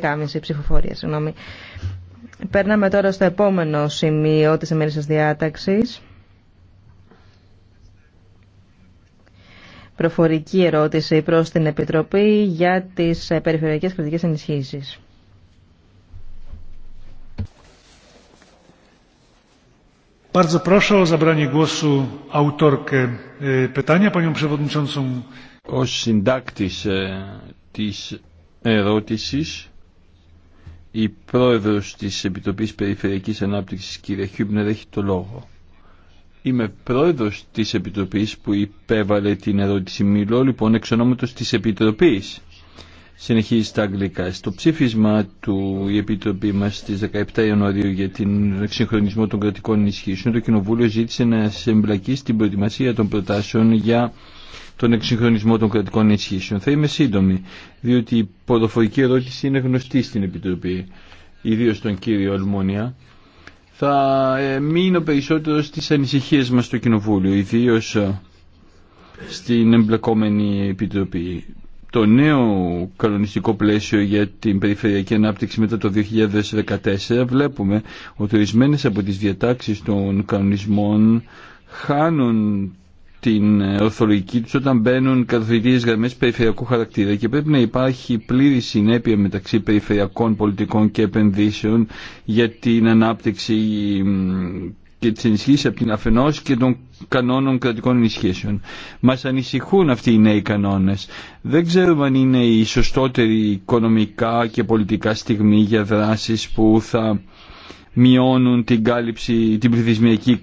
δεκάμιση ψηφοφορία, συγγνώμη. Παίρναμε τώρα στο επόμενο σημείο της ημέρης διάταξης. Προφορική ερώτηση προς την Επιτροπή για τις ε, περιφερειακές κρατικές ενισχύσεις. Bardzo proszę o zabranie głosu autorkę e, pytania, panią przewodniczącą. O syntaktyce tej erotisis η πρόεδρος της Επιτροπής Περιφερειακής Ανάπτυξης, κύριε Χιούμπνερ, έχει το λόγο. Είμαι πρόεδρος της Επιτροπής που υπέβαλε την ερώτηση. Μιλώ λοιπόν εξ ονόματος της Επιτροπής. Συνεχίζει στα αγγλικά. Στο ψήφισμα του η Επιτροπή μα στις 17 Ιανουαρίου για την εξυγχρονισμό των κρατικών ενισχύσεων, το Κοινοβούλιο ζήτησε να συμπλακεί στην προετοιμασία των προτάσεων για τον εξυγχρονισμό των κρατικών ενισχύσεων. Θα είμαι σύντομη, διότι η ποδοφορική ερώτηση είναι γνωστή στην Επιτροπή, ιδίω στον κύριο Αλμόνια. Θα ε, μείνω περισσότερο στι ανησυχίε μα στο Κοινοβούλιο, ιδίω ε, στην εμπλεκόμενη Επιτροπή. Το νέο κανονιστικό πλαίσιο για την περιφερειακή ανάπτυξη μετά το 2014 βλέπουμε ότι ορισμένε από τις διατάξεις των κανονισμών χάνουν την ορθολογική τους όταν μπαίνουν καθοδητήρες γραμμές περιφερειακού χαρακτήρα και πρέπει να υπάρχει πλήρη συνέπεια μεταξύ περιφερειακών πολιτικών και επενδύσεων για την ανάπτυξη και τις ενισχύσεις από την αφενός και των κανόνων κρατικών ενισχύσεων. Μας ανησυχούν αυτοί οι νέοι κανόνες. Δεν ξέρουμε αν είναι η σωστότερη οικονομικά και πολιτικά στιγμή για δράσεις που θα μειώνουν την κάλυψη, την πληθυσμιακή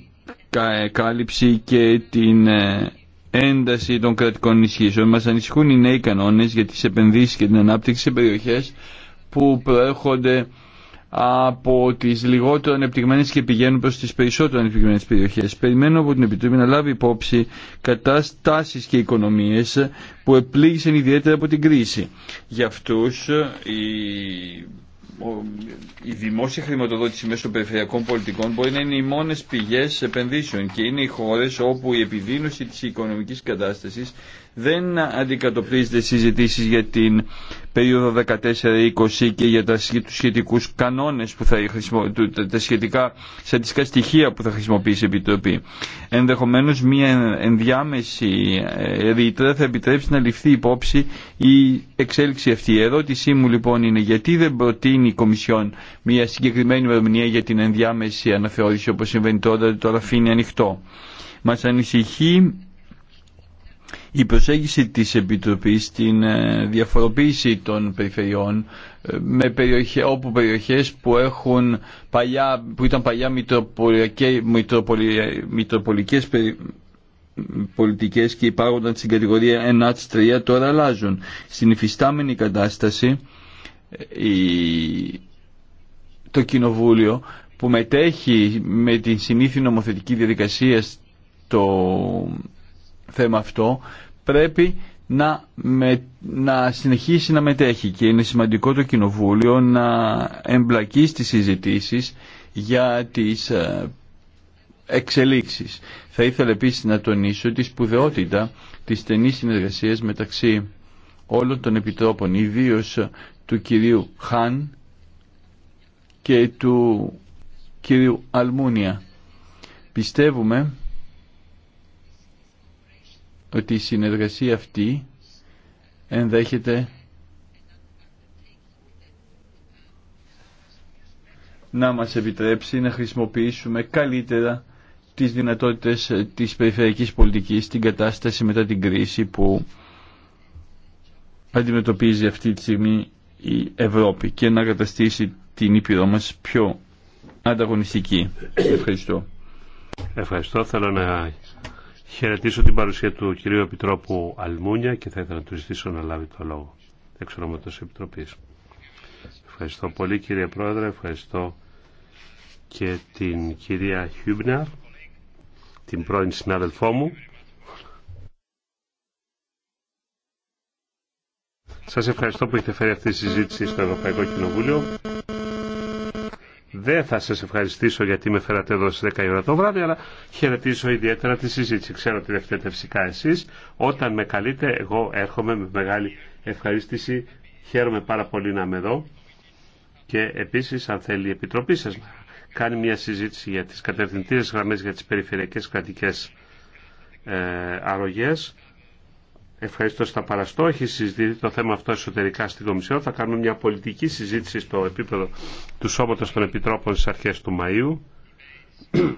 ε, κάλυψη και την ε, ένταση των κρατικών ισχύσεων. Μας ανησυχούν οι νέοι κανόνες για τις επενδύσεις και την ανάπτυξη σε περιοχές που προέρχονται από τις λιγότερο ανεπτυγμένες και πηγαίνουν προς τις περισσότερο ανεπτυγμένες περιοχές. Περιμένω από την Επιτροπή να λάβει υπόψη καταστάσεις και οικονομίες που επλήγησαν ιδιαίτερα από την κρίση. Για αυτούς η η δημόσια χρηματοδότηση μέσω περιφερειακών πολιτικών μπορεί να είναι οι μόνες πηγές επενδύσεων και είναι οι χώρες όπου η επιδείνωση της οικονομικής κατάστασης δεν αντικατοπτρίζεται συζητήσεις για την περίοδο 14-20 και για τα, σχετικούς κανόνες που θα τα σχετικά στοιχεία που θα χρησιμοποιήσει η Επιτροπή. Ενδεχομένως μια ενδιάμεση ε, ρήτρα θα επιτρέψει να ληφθεί υπόψη η εξέλιξη αυτή. Η ερώτησή μου λοιπόν είναι γιατί δεν προτείνει η Κομισιόν μια συγκεκριμένη ημερομηνία για την ενδιάμεση αναθεώρηση όπως συμβαίνει τώρα, το αφήνει ανοιχτό. Μας ανησυχεί η προσέγγιση της Επιτροπής στην ε, διαφοροποίηση των περιφερειών ε, με περιοχές, όπου περιοχές που, έχουν που ήταν παλιά μητροπολικές πολιτικές και υπάρχονταν στην κατηγορία 1-3 τώρα αλλάζουν. Στην υφιστάμενη κατάσταση ε, το Κοινοβούλιο που μετέχει με την συνήθη νομοθετική διαδικασία στο θέμα αυτό πρέπει να, να συνεχίσει να μετέχει και είναι σημαντικό το Κοινοβούλιο να εμπλακεί στις συζητήσεις για τις ε, εξελίξεις. Θα ήθελα επίσης να τονίσω τη σπουδαιότητα της στενής συνεργασίας μεταξύ όλων των επιτρόπων, ιδίω του κυρίου Χάν και του κυρίου Αλμούνια. Πιστεύουμε ότι η συνεργασία αυτή ενδέχεται να μας επιτρέψει να χρησιμοποιήσουμε καλύτερα τις δυνατότητες της περιφερειακής πολιτικής στην κατάσταση μετά την κρίση που αντιμετωπίζει αυτή τη στιγμή η Ευρώπη και να καταστήσει την Ήπειρό μας πιο ανταγωνιστική. Ευχαριστώ. Ευχαριστώ. Θέλω να Χαιρετήσω την παρουσία του κυρίου Επιτρόπου Αλμούνια και θα ήθελα να του ζητήσω να λάβει το λόγο. Εξ ονόματος Επιτροπής. Ευχαριστώ πολύ κύριε Πρόεδρε, ευχαριστώ και την κυρία Χιούμπναρ, την πρώην συνάδελφό μου. Σας ευχαριστώ που έχετε φέρει αυτή τη συζήτηση στο Ευρωπαϊκό Κοινοβούλιο δεν θα σας ευχαριστήσω γιατί με φέρατε εδώ στις 10 η ώρα το βράδυ, αλλά χαιρετήσω ιδιαίτερα τη συζήτηση. Ξέρω ότι δεν φταίτε φυσικά εσείς. Όταν με καλείτε, εγώ έρχομαι με μεγάλη ευχαρίστηση. Χαίρομαι πάρα πολύ να είμαι εδώ. Και επίσης, αν θέλει η Επιτροπή σας να κάνει μια συζήτηση για τις κατευθυντήρες γραμμές για τις περιφερειακές κρατικές ε, αρρωγές, Ευχαριστώ στα παραστώ. Έχει συζητηθεί το θέμα αυτό εσωτερικά στην Κομισιόν. Θα κάνουμε μια πολιτική συζήτηση στο επίπεδο του Σώματος των Επιτρόπων στις αρχές του Μαΐου.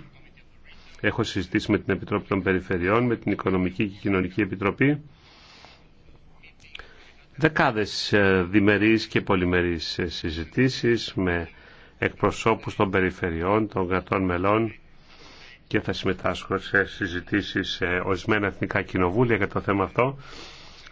Έχω συζητήσει με την Επιτροπή των Περιφερειών, με την Οικονομική και Κοινωνική Επιτροπή. Δεκάδες ε, διμερείς και πολυμερείς ε, συζητήσεις με εκπροσώπους των περιφερειών, των κρατών μελών, και θα συμμετάσχω σε συζητήσεις σε ορισμένα εθνικά κοινοβούλια για το θέμα αυτό.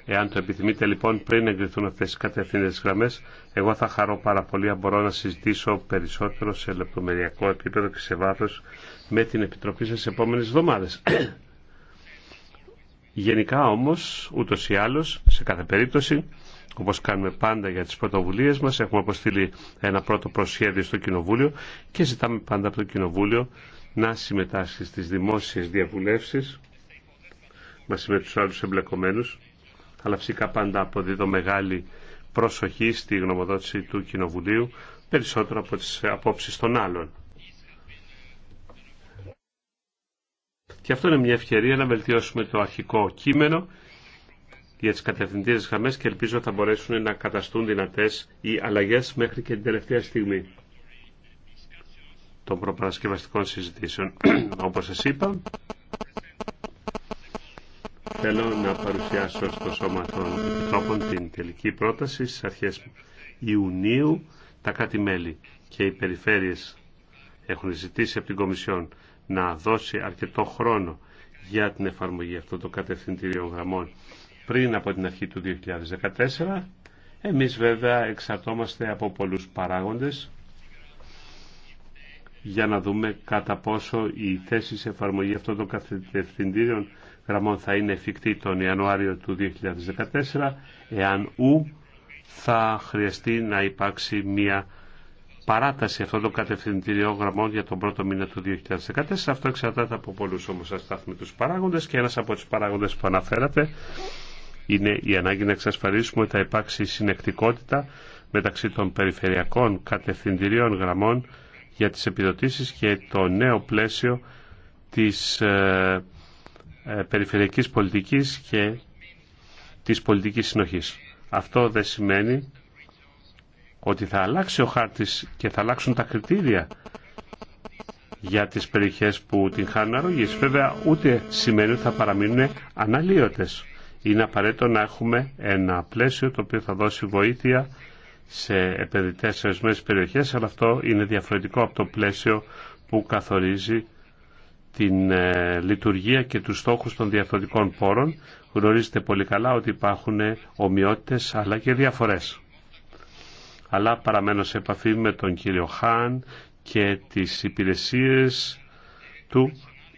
Εάν το επιθυμείτε λοιπόν πριν εγκριθούν αυτές οι κατευθύνες γραμμές, εγώ θα χαρώ πάρα πολύ αν μπορώ να συζητήσω περισσότερο σε λεπτομεριακό επίπεδο και σε βάθος με την Επιτροπή σας επόμενες εβδομάδες. Γενικά όμως, ούτως ή άλλως, σε κάθε περίπτωση, όπως κάνουμε πάντα για τις πρωτοβουλίες μας, έχουμε αποστείλει ένα πρώτο προσχέδιο στο Κοινοβούλιο και ζητάμε πάντα από το Κοινοβούλιο να συμμετάσχει στις δημόσιες διαβουλεύσεις μαζί με τους άλλους εμπλεκομένους αλλά φυσικά πάντα αποδίδω μεγάλη προσοχή στη γνωμοδότηση του Κοινοβουλίου περισσότερο από τις απόψεις των άλλων. Και αυτό είναι μια ευκαιρία να βελτιώσουμε το αρχικό κείμενο για τις κατευθυντήρες γραμμές και ελπίζω θα μπορέσουν να καταστούν δυνατές οι αλλαγές μέχρι και την τελευταία στιγμή των προπαρασκευαστικών συζητήσεων. Όπως σας είπα, θέλω να παρουσιάσω στο Σώμα των Επιτρόπων την τελική πρόταση στις αρχές Ιουνίου. Τα κάτι μελη και οι περιφέρειες έχουν ζητήσει από την Κομισιόν να δώσει αρκετό χρόνο για την εφαρμογή αυτών των κατευθυντηρίων γραμμών πριν από την αρχή του 2014. Εμείς βέβαια εξαρτώμαστε από πολλούς παράγοντες για να δούμε κατά πόσο η θέση σε εφαρμογή αυτών των κατευθυντήριων γραμμών θα είναι εφικτή τον Ιανουάριο του 2014, εάν ου θα χρειαστεί να υπάρξει μια παράταση αυτών των κατευθυντηριών γραμμών για τον πρώτο μήνα του 2014. Αυτό εξαρτάται από πολλού όμω τους παράγοντε και ένα από του παράγοντε που αναφέρατε είναι η ανάγκη να εξασφαλίσουμε ότι θα υπάρξει συνεκτικότητα μεταξύ των περιφερειακών κατευθυντηριών γραμμών για τις επιδοτήσεις και το νέο πλαίσιο της ε, ε, περιφερειακής πολιτικής και της πολιτικής συνοχής. Αυτό δεν σημαίνει ότι θα αλλάξει ο χάρτης και θα αλλάξουν τα κριτήρια για τις περιοχές που την χάνουν αρρωγής. Βέβαια ούτε σημαίνει ότι θα παραμείνουν αναλύωτες. Είναι απαραίτητο να έχουμε ένα πλαίσιο το οποίο θα δώσει βοήθεια σε επενδυτέ σε ορισμένε περιοχές, αλλά αυτό είναι διαφορετικό από το πλαίσιο που καθορίζει την ε, λειτουργία και τους στόχους των διαφορετικών πόρων. Γνωρίζετε πολύ καλά ότι υπάρχουν ομοιότητες αλλά και διαφορές. Αλλά παραμένω σε επαφή με τον κύριο Χάν και τις υπηρεσίες του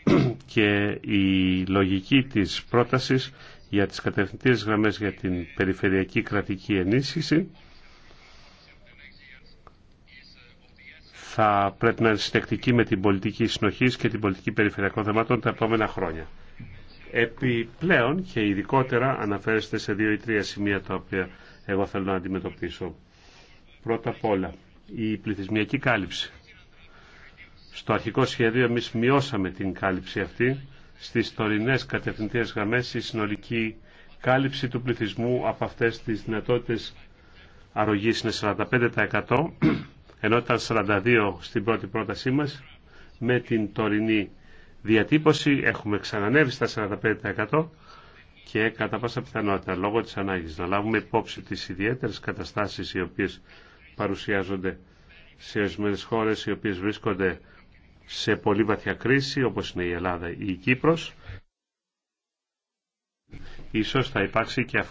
και η λογική της πρότασης για τις κατευθυντήρες γραμμές για την περιφερειακή κρατική ενίσχυση θα πρέπει να είναι συντεκτική με την πολιτική συνοχή και την πολιτική περιφερειακών θεμάτων τα επόμενα χρόνια. Επιπλέον και ειδικότερα αναφέρεστε σε δύο ή τρία σημεία τα οποία εγώ θέλω να αντιμετωπίσω. Πρώτα απ' όλα, η πληθυσμιακή κάλυψη. Στο αρχικό σχέδιο εμείς μειώσαμε την κάλυψη αυτή. Στις τωρινές κατευθυντές γραμμές η συνολική κάλυψη του πληθυσμού από αυτές τις δυνατότητες αρρωγής είναι 45% ενώ ήταν 42 στην πρώτη πρότασή μας, με την τωρινή διατύπωση έχουμε ξανανέβει στα 45% και κατά πάσα πιθανότητα λόγω της ανάγκης να λάβουμε υπόψη τις ιδιαίτερες καταστάσεις οι οποίες παρουσιάζονται σε ορισμένε χώρες οι οποίες βρίσκονται σε πολύ βαθιά κρίση όπως είναι η Ελλάδα ή η Κύπρος ίσως θα υπάρξει και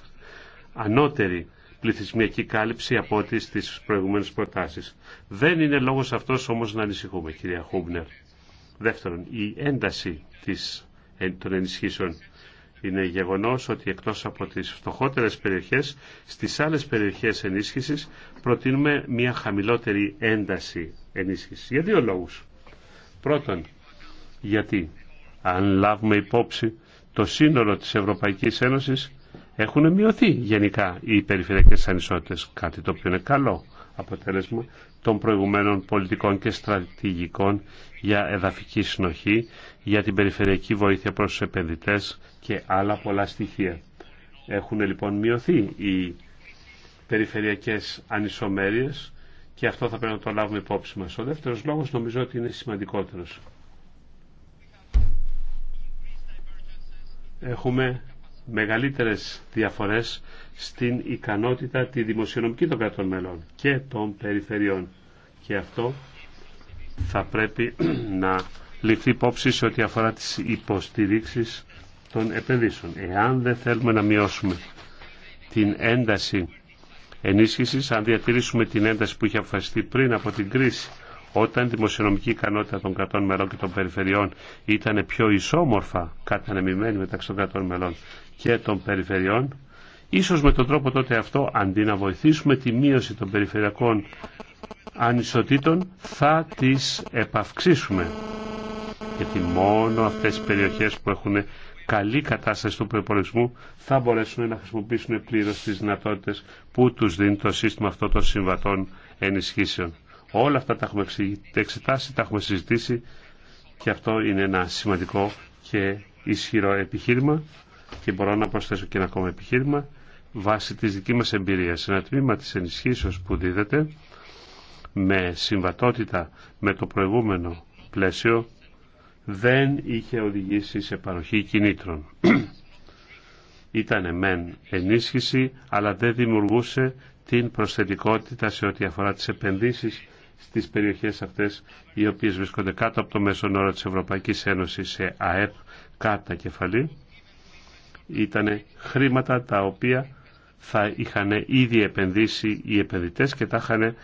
ανώτερη πληθυσμιακή κάλυψη από ό,τι στις προηγούμενες προτάσεις. Δεν είναι λόγος αυτός όμως να ανησυχούμε, κυρία Χούμπνερ. Δεύτερον, η ένταση της, των ενισχύσεων είναι γεγονός ότι εκτός από τις φτωχότερες περιοχές, στις άλλες περιοχές ενίσχυσης προτείνουμε μια χαμηλότερη ένταση ενίσχυσης. Για δύο λόγους. Πρώτον, γιατί αν λάβουμε υπόψη το σύνολο της Ευρωπαϊκής Ένωσης, έχουν μειωθεί γενικά οι περιφερειακές ανισότητες, κάτι το οποίο είναι καλό αποτέλεσμα των προηγουμένων πολιτικών και στρατηγικών για εδαφική συνοχή, για την περιφερειακή βοήθεια προς τους επενδυτές και άλλα πολλά στοιχεία. Έχουν λοιπόν μειωθεί οι περιφερειακές ανισομέρειες και αυτό θα πρέπει να το λάβουμε υπόψη μας. Ο δεύτερος λόγος νομίζω ότι είναι σημαντικότερος. Έχουμε μεγαλύτερες διαφορές στην ικανότητα τη δημοσιονομική των κρατών μελών και των περιφερειών. Και αυτό θα πρέπει να ληφθεί υπόψη σε ό,τι αφορά τις υποστηρίξεις των επενδύσεων. Εάν δεν θέλουμε να μειώσουμε την ένταση ενίσχυσης, αν διατηρήσουμε την ένταση που είχε αποφασιστεί πριν από την κρίση, όταν η δημοσιονομική ικανότητα των κρατών μελών και των περιφερειών ήταν πιο ισόμορφα κατανεμημένη μεταξύ των κρατών μελών και των περιφερειών. Ίσως με τον τρόπο τότε αυτό, αντί να βοηθήσουμε τη μείωση των περιφερειακών ανισοτήτων, θα τις επαυξήσουμε. Γιατί μόνο αυτές οι περιοχές που έχουν καλή κατάσταση του προπολογισμού θα μπορέσουν να χρησιμοποιήσουν πλήρω τι δυνατότητε που τους δίνει το σύστημα αυτό των συμβατών ενισχύσεων. Όλα αυτά τα έχουμε εξετάσει, τα έχουμε συζητήσει και αυτό είναι ένα σημαντικό και ισχυρό επιχείρημα. Και μπορώ να προσθέσω και ένα ακόμα επιχείρημα βάσει της δική μας εμπειρίας. Ένα τμήμα της ενισχύσεως που δίδεται με συμβατότητα με το προηγούμενο πλαίσιο δεν είχε οδηγήσει σε παροχή κινήτρων. Ήτανε μεν ενίσχυση, αλλά δεν δημιουργούσε την προσθετικότητα σε ό,τι αφορά τις επενδύσεις στις περιοχές αυτές οι οποίες βρίσκονται κάτω από το μέσον όρο της Ευρωπαϊκής Ένωσης σε ΑΕΠ κατά κεφαλή ήταν χρήματα τα οποία θα είχαν ήδη επενδύσει οι επενδυτές και τα είχαν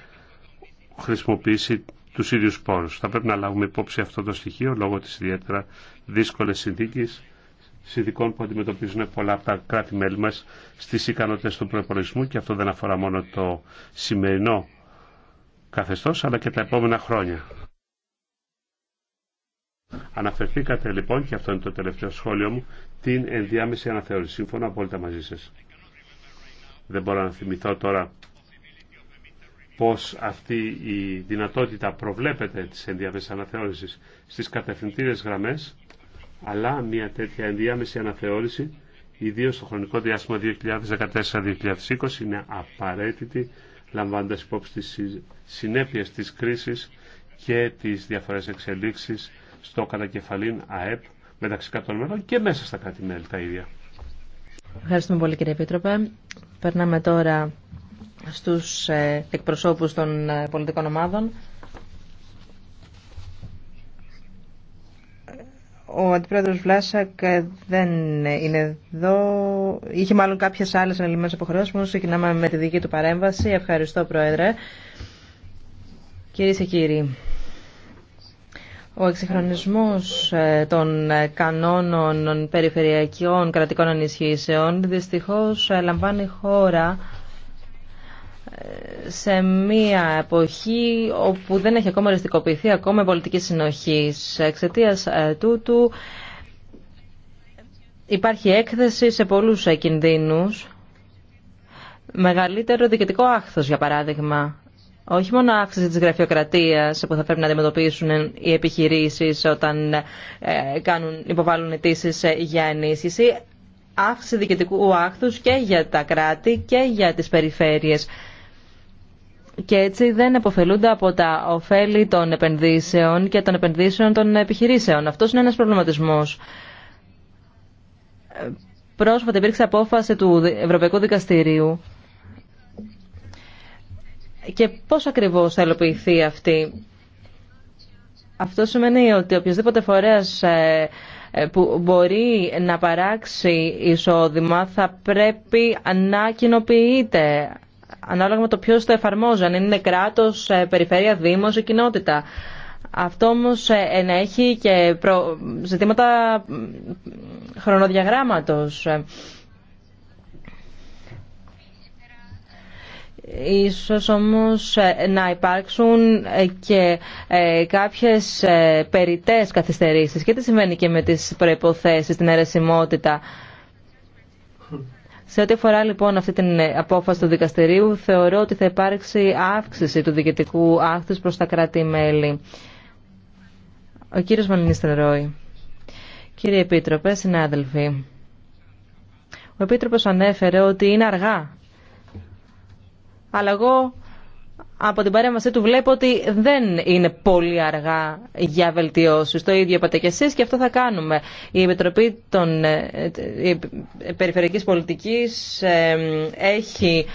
χρησιμοποιήσει του ίδιους πόρου. Θα πρέπει να λάβουμε υπόψη αυτό το στοιχείο λόγω της ιδιαίτερα δύσκολες συνθήκης συνδικών που αντιμετωπίζουν πολλά από τα κράτη-μέλη μας στις ικανότητες του προπολογισμού και αυτό δεν αφορά μόνο το σημερινό καθεστώς αλλά και τα επόμενα χρόνια. Αναφερθήκατε λοιπόν, και αυτό είναι το τελευταίο σχόλιο μου, την ενδιάμεση αναθεώρηση. Σύμφωνα απόλυτα μαζί σας. Δεν μπορώ να θυμηθώ τώρα πώς αυτή η δυνατότητα προβλέπεται της ενδιάμεσης αναθεώρησης στις κατευθυντήρες γραμμές, αλλά μια τέτοια ενδιάμεση αναθεώρηση, ιδίως στο χρονικό διάστημα 2014-2020, είναι απαραίτητη, λαμβάνοντας υπόψη τις συνέπειες της κρίσης και τις διαφορές εξελίξεις στο κατακεφαλήν ΑΕΠ μεταξύ κρατών μελών και μέσα στα κράτη-μέλη τα ίδια. Ευχαριστούμε πολύ κύριε Επίτροπε. Περνάμε τώρα στους ε, εκπροσώπους των ε, πολιτικών ομάδων. Ο αντιπρόεδρος Βλάσακ ε, δεν είναι εδώ. Είχε μάλλον κάποιες άλλες αποχρεώσεις υποχρεώσεις. Ξεκινάμε με τη δική του παρέμβαση. Ευχαριστώ, Πρόεδρε. Κυρίε και κύριοι, ο εξυγχρονισμός ε, των ε, κανόνων περιφερειακών κρατικών ενισχύσεων δυστυχώς ε, λαμβάνει χώρα σε μια εποχή όπου δεν έχει ακόμα οριστικοποιηθεί ακόμα η πολιτική συνοχή. Εξαιτία τούτου υπάρχει έκθεση σε πολλούς κινδύνους. Μεγαλύτερο διοικητικό άχθος, για παράδειγμα, όχι μόνο αύξηση της γραφειοκρατίας που θα πρέπει να αντιμετωπίσουν οι επιχειρήσεις όταν ε, κάνουν, υποβάλλουν αιτήσει ε, για ενίσχυση, αύξηση διοικητικού άκθους και για τα κράτη και για τις περιφέρειες. Και έτσι δεν επωφελούνται από τα ωφέλη των επενδύσεων και των επενδύσεων των επιχειρήσεων. Αυτός είναι ένας προβληματισμός. Ε, πρόσφατα υπήρξε απόφαση του Ευρωπαϊκού Δικαστηρίου και πώς ακριβώς θα ελοποιηθεί αυτή. Αυτό σημαίνει ότι οποιοδήποτε φορέας ε, ε, που μπορεί να παράξει εισόδημα θα πρέπει να κοινοποιείται ανάλογα με το ποιος το εφαρμόζει, αν είναι κράτος, ε, περιφέρεια, δήμος ή κοινότητα. Αυτό όμως ενέχει και ζητήματα χρονοδιαγράμματος. Ίσως όμως ε, να υπάρξουν ε, και ε, κάποιες περιτές καθυστερήσεις. Και τι συμβαίνει και με τις προϋποθέσεις, την αιρεσιμότητα. Σε ό,τι αφορά λοιπόν αυτή την απόφαση του δικαστηρίου, θεωρώ ότι θα υπάρξει αύξηση του διοικητικού άκτης προς τα κράτη-μέλη. Ο κύριος Μανινίστερ Ρόη. Κύριε Επίτροπε, συνάδελφοι. Ο Επίτροπος ανέφερε ότι είναι αργά αλλά εγώ από την παρέμβασή του βλέπω ότι δεν είναι πολύ αργά για βελτιώσεις. Το ίδιο είπατε και εσείς και αυτό θα κάνουμε. Η Επιτροπή των ε, ε, ε, Περιφερειακής Πολιτικής έχει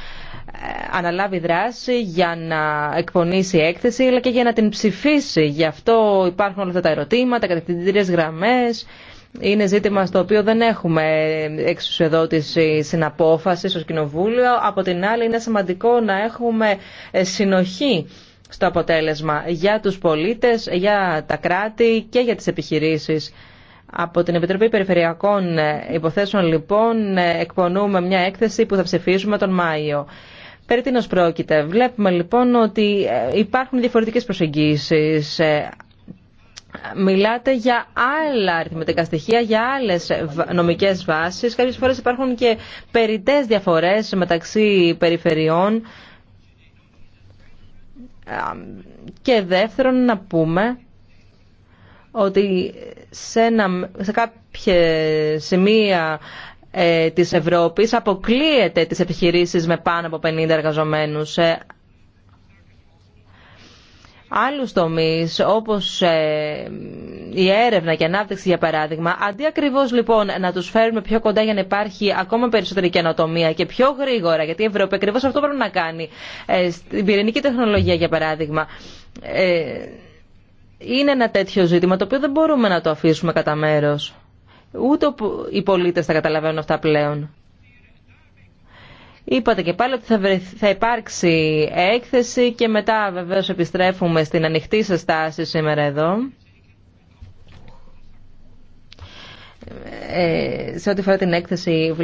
αναλάβει δράση για να εκπονήσει έκθεση αλλά και για να την ψηφίσει. Γι' αυτό υπάρχουν όλα αυτά τα ερωτήματα, κατευθυντήριες γραμμές είναι ζήτημα στο οποίο δεν έχουμε εξουσιοδότηση συναπόφαση ως Κοινοβούλιο. Από την άλλη είναι σημαντικό να έχουμε συνοχή στο αποτέλεσμα για τους πολίτες, για τα κράτη και για τις επιχειρήσεις. Από την Επιτροπή Περιφερειακών Υποθέσεων λοιπόν εκπονούμε μια έκθεση που θα ψηφίσουμε τον Μάιο. Περί τίνος πρόκειται. Βλέπουμε λοιπόν ότι υπάρχουν διαφορετικές προσεγγίσεις μιλάτε για άλλα αριθμητικά στοιχεία, για άλλε νομικές βάσεις. Κάποιε φορέ υπάρχουν και περιττές διαφορές μεταξύ περιφερειών. Και δεύτερον να πούμε ότι σε, ένα, κάποια σημεία ε, της Ευρώπης αποκλείεται τις επιχειρήσεις με πάνω από 50 εργαζομένους. Ε, άλλους τομείς όπως ε, η έρευνα και η ανάπτυξη για παράδειγμα αντί ακριβώς λοιπόν να τους φέρουμε πιο κοντά για να υπάρχει ακόμα περισσότερη καινοτομία και πιο γρήγορα γιατί η Ευρώπη ακριβώς αυτό πρέπει να κάνει ε, στην πυρηνική τεχνολογία για παράδειγμα ε, είναι ένα τέτοιο ζήτημα το οποίο δεν μπορούμε να το αφήσουμε κατά μέρος ούτε οι πολίτες θα καταλαβαίνουν αυτά πλέον Είπατε και πάλι ότι θα, θα υπάρξει έκθεση και μετά βεβαίως επιστρέφουμε στην ανοιχτή σας στάση σήμερα εδώ. Ε, σε ό,τι φορά την έκθεση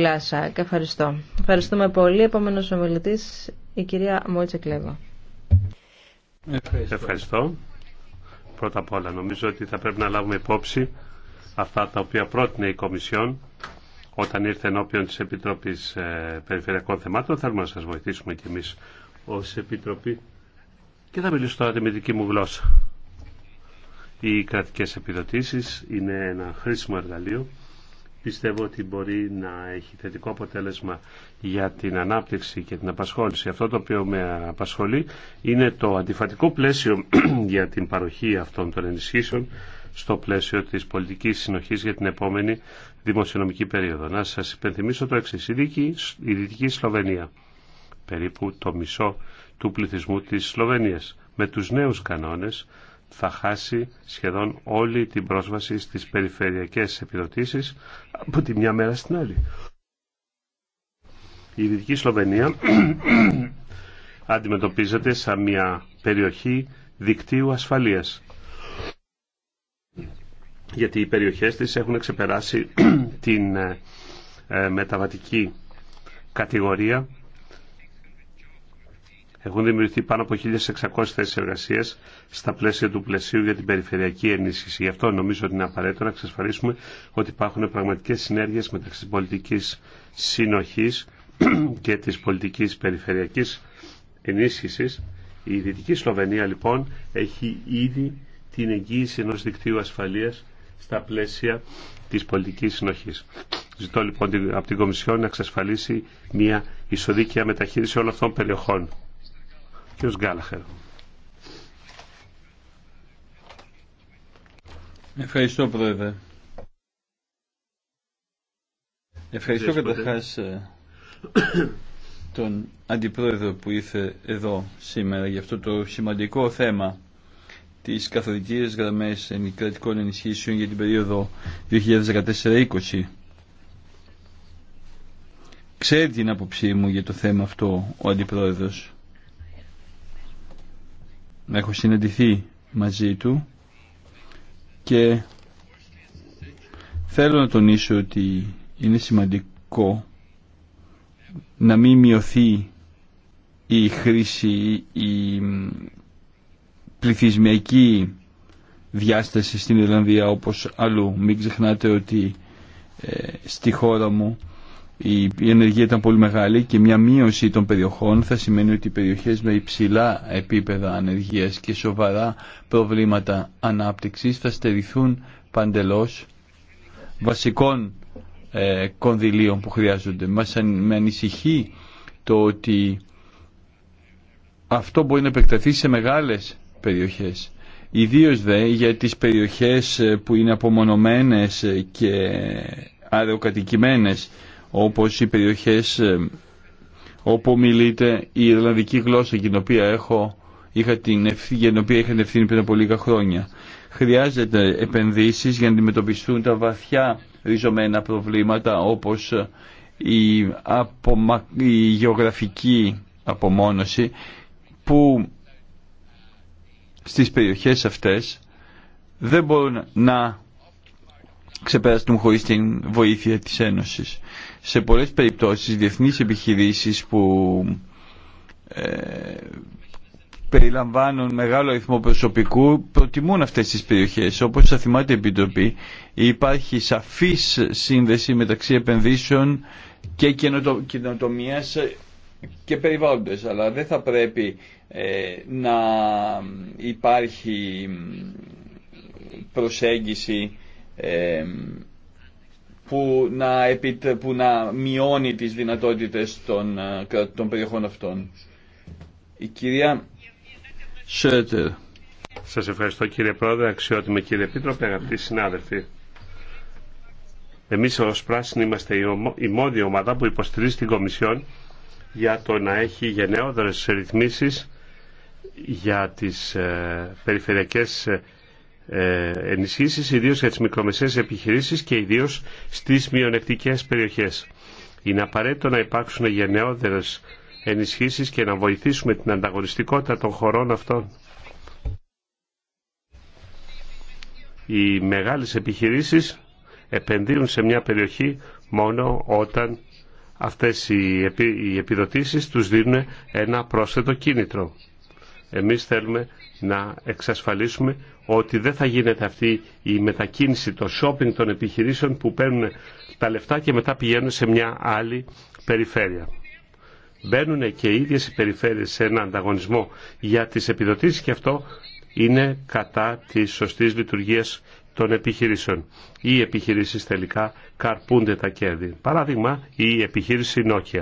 και Ευχαριστώ. Ευχαριστούμε πολύ. Επόμενος ομιλητής, η κυρία Μόιτσε Κλέβα. Ευχαριστώ. Ευχαριστώ. Πρώτα απ' όλα νομίζω ότι θα πρέπει να λάβουμε υπόψη αυτά τα οποία πρότεινε η Κομισιόν όταν ήρθε ενώπιον της Επιτροπής ε, Περιφερειακών Θεμάτων θέλουμε να σας βοηθήσουμε κι εμείς ως Επιτροπή και θα μιλήσω τώρα τη δική μου γλώσσα. Οι κρατικές επιδοτήσεις είναι ένα χρήσιμο εργαλείο. Πιστεύω ότι μπορεί να έχει θετικό αποτέλεσμα για την ανάπτυξη και την απασχόληση. Αυτό το οποίο με απασχολεί είναι το αντιφατικό πλαίσιο για την παροχή αυτών των ενισχύσεων στο πλαίσιο της πολιτικής συνοχής για την επόμενη δημοσιονομική περίοδο. Να σας υπενθυμίσω το εξής. Η, Σλοβενία, περίπου το μισό του πληθυσμού της Σλοβενίας, με τους νέους κανόνες θα χάσει σχεδόν όλη την πρόσβαση στις περιφερειακές επιδοτήσεις από τη μια μέρα στην άλλη. Η Δυτική Σλοβενία αντιμετωπίζεται σαν μια περιοχή δικτύου ασφαλείας γιατί οι περιοχές της έχουν ξεπεράσει την ε, ε, μεταβατική κατηγορία. Έχουν δημιουργηθεί πάνω από 1.600 θέσεις εργασίας στα πλαίσια του πλαισίου για την περιφερειακή ενίσχυση. Γι' αυτό νομίζω ότι είναι απαραίτητο να εξασφαλίσουμε ότι υπάρχουν πραγματικές συνέργειες μεταξύ τη πολιτική συνοχή και της πολιτικής περιφερειακής ενίσχυσης. Η Δυτική Σλοβενία λοιπόν έχει ήδη την εγγύηση ενό δικτύου ασφαλείας στα πλαίσια της πολιτικής συνοχή. Ζητώ λοιπόν από την Κομισιόν να εξασφαλίσει μια ισοδίκαια μεταχείριση όλων αυτών των περιοχών. Κύριος Γκάλαχερ. Ευχαριστώ Πρόεδρε. Ευχαριστώ καταρχά ε, τον Αντιπρόεδρο που ήρθε εδώ σήμερα για αυτό το σημαντικό θέμα τις καθοδικές γραμμέ κρατικών ενισχύσεων για την περίοδο 2014-2020. Ξέρει την άποψή μου για το θέμα αυτό ο Αντιπρόεδρος. Έχω συναντηθεί μαζί του και θέλω να τονίσω ότι είναι σημαντικό να μην μειωθεί η χρήση, η πληθυσμιακή διάσταση στην Ιρλανδία όπως αλλού. Μην ξεχνάτε ότι ε, στη χώρα μου η ενέργεια ήταν πολύ μεγάλη και μια μείωση των περιοχών θα σημαίνει ότι οι περιοχές με υψηλά επίπεδα ανεργίας και σοβαρά προβλήματα ανάπτυξης θα στερηθούν παντελώς βασικών ε, κονδυλίων που χρειάζονται. Μας με ανησυχεί το ότι αυτό μπορεί να επεκταθεί σε μεγάλες περιοχές. Ιδίως δε για τις περιοχές ε, που είναι απομονωμένες ε, και αεροκατοικημένες όπως οι περιοχές ε, όπου μιλείται η Ιρλανδική γλώσσα για την οποία, έχω, είχα την ευθύνη, για την οποία είχα πριν από λίγα χρόνια. Χρειάζεται επενδύσεις για να αντιμετωπιστούν τα βαθιά ριζωμένα προβλήματα όπως η, απομα... η γεωγραφική απομόνωση που στις περιοχές αυτές δεν μπορούν να ξεπεραστούν χωρίς την βοήθεια της Ένωσης. Σε πολλές περιπτώσεις διεθνείς επιχειρήσεις που ε, περιλαμβάνουν μεγάλο αριθμό προσωπικού προτιμούν αυτές τις περιοχές. Όπως θα θυμάται η Επιτροπή υπάρχει σαφής σύνδεση μεταξύ επενδύσεων και καινοτομίας και περιβάλλοντες, αλλά δεν θα πρέπει ε, να υπάρχει προσέγγιση ε, που, να επιτε, που να μειώνει τις δυνατότητες των, ε, των περιοχών αυτών. Η κυρία Σέτερ. Σας ευχαριστώ κύριε Πρόεδρε, αξιότιμη κύριε Επίτροπε, αγαπητοί συνάδελφοι. Εμείς ως πράσινοι είμαστε η μόνη ομάδα που υποστηρίζει την Κομισιόν για το να έχει γενναιόδορε ρυθμίσεις για τις ε, περιφερειακές ε, ενισχύσεις, ιδίως για τις μικρομεσαίες επιχειρήσεις και ιδίως στις μειονεκτικές περιοχές. Είναι απαραίτητο να υπάρξουν γενναιόδερες ενισχύσεις και να βοηθήσουμε την ανταγωνιστικότητα των χωρών αυτών. Οι μεγάλες επιχειρήσεις επενδύουν σε μια περιοχή μόνο όταν αυτές οι επιδοτήσεις τους δίνουν ένα πρόσθετο κίνητρο. Εμείς θέλουμε να εξασφαλίσουμε ότι δεν θα γίνεται αυτή η μετακίνηση, το shopping των επιχειρήσεων που παίρνουν τα λεφτά και μετά πηγαίνουν σε μια άλλη περιφέρεια. Μπαίνουν και οι ίδιες οι περιφέρειες σε ένα ανταγωνισμό για τις επιδοτήσεις και αυτό είναι κατά της σωστής λειτουργίας των επιχειρήσεων. Οι Νόκια. τελικά καρπούνται τα κέρδη. Παράδειγμα, η επιχείρηση Nokia.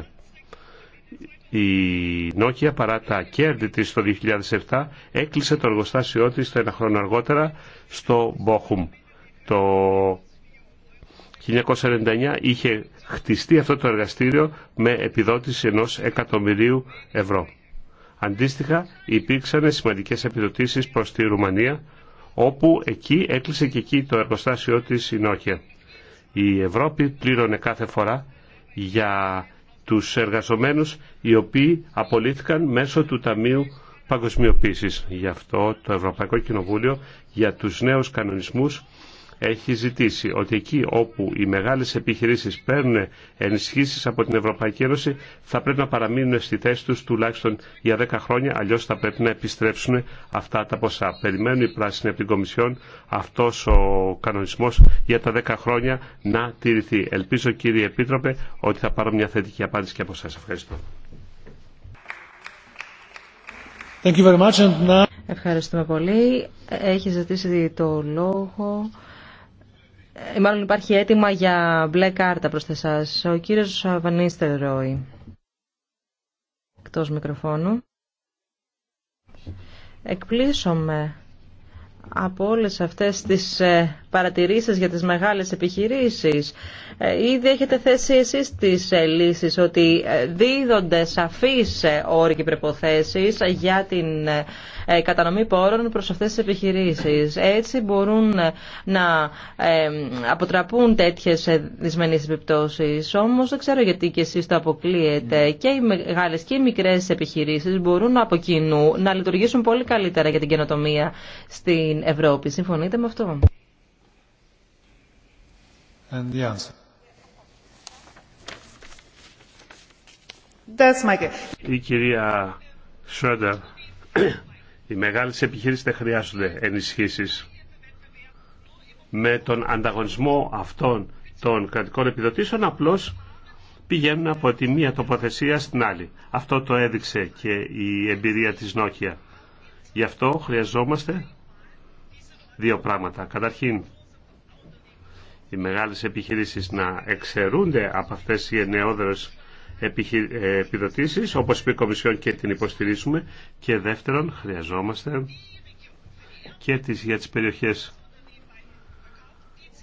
Η Nokia παρά τα κέρδη της το 2007 έκλεισε το εργοστάσιό της το ένα χρόνο αργότερα στο Bochum. Το 1999 είχε χτιστεί αυτό το εργαστήριο με επιδότηση ενός εκατομμυρίου ευρώ. Αντίστοιχα υπήρξαν σημαντικές επιδοτήσεις προς τη Ρουμανία όπου εκεί έκλεισε και εκεί το εργοστάσιο της η Η Ευρώπη πλήρωνε κάθε φορά για τους εργαζομένους οι οποίοι απολύθηκαν μέσω του Ταμείου Παγκοσμιοποίησης. Γι' αυτό το Ευρωπαϊκό Κοινοβούλιο για τους νέους κανονισμούς έχει ζητήσει ότι εκεί όπου οι μεγάλες επιχειρήσεις παίρνουν ενισχύσεις από την Ευρωπαϊκή Ένωση θα πρέπει να παραμείνουν στη θέση τους τουλάχιστον για 10 χρόνια αλλιώς θα πρέπει να επιστρέψουν αυτά τα ποσά. Περιμένουν οι πράσινοι από την Κομισιόν αυτός ο κανονισμός για τα 10 χρόνια να τηρηθεί. Ελπίζω κύριε Επίτροπε ότι θα πάρω μια θετική απάντηση και από σας. Ευχαριστώ. Ευχαριστούμε πολύ. Έχει ζητήσει το λόγο ε, μάλλον υπάρχει αίτημα για μπλε κάρτα προς εσάς. Ο κύριος Βανίστερ Ρόι. Εκτός μικροφώνου. Εκπλήσωμαι από όλες αυτές τις ε, παρατηρήσεις για τις μεγάλες επιχειρήσεις. Ε, ήδη έχετε θέσει εσείς τις ε, λύσεις ότι ε, δίδονται σαφείς όροι και προποθέσεις για την κατανομή πόρων προς αυτές τις επιχειρήσεις. Έτσι μπορούν να αποτραπούν τέτοιες δυσμενείς επιπτώσεις. Όμως δεν ξέρω γιατί και εσείς το αποκλείετε. Και οι μεγάλες και οι μικρές επιχειρήσεις μπορούν από κοινού να λειτουργήσουν πολύ καλύτερα για την καινοτομία στην Ευρώπη. Συμφωνείτε με αυτό and Η κυρία Σρόντερ, οι μεγάλες επιχείρησεις δεν χρειάζονται ενισχύσεις. Με τον ανταγωνισμό αυτών των κρατικών επιδοτήσεων απλώς πηγαίνουν από τη μία τοποθεσία στην άλλη. Αυτό το έδειξε και η εμπειρία της Νόκια. Γι' αυτό χρειαζόμαστε δύο πράγματα. Καταρχήν οι μεγάλες επιχειρήσεις να εξαιρούνται από αυτές οι νεόδερες ε, επιδοτήσεις, όπως είπε η Κομισιόν και την υποστηρίζουμε. Και δεύτερον, χρειαζόμαστε και τις, για τις περιοχές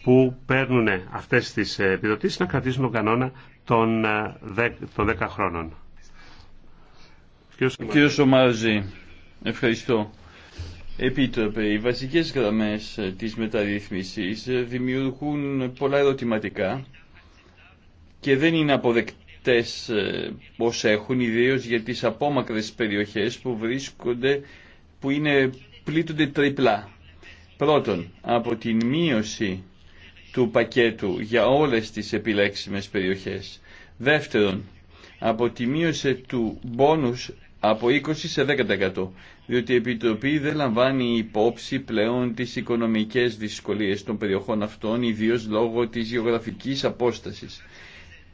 που παίρνουν αυτές τις ε, επιδοτήσεις να κρατήσουν τον κανόνα των 10 ε, χρόνων. Κύριο ευχαριστώ. Επίτροπε, οι βασικές γραμμές ε, της μεταρρύθμισης ε, δημιουργούν πολλά ερωτηματικά και δεν είναι αποδεκτές πώς ε, έχουν, ιδίως για τις απόμακρες περιοχές που βρίσκονται, που είναι, πλήττονται τριπλά. Πρώτον, από την μείωση του πακέτου για όλες τις επιλέξιμες περιοχές. Δεύτερον, από τη μείωση του μπόνους από 20 σε 10% διότι η Επιτροπή δεν λαμβάνει υπόψη πλέον τις οικονομικές δυσκολίες των περιοχών αυτών, ιδίως λόγω της γεωγραφικής απόστασης.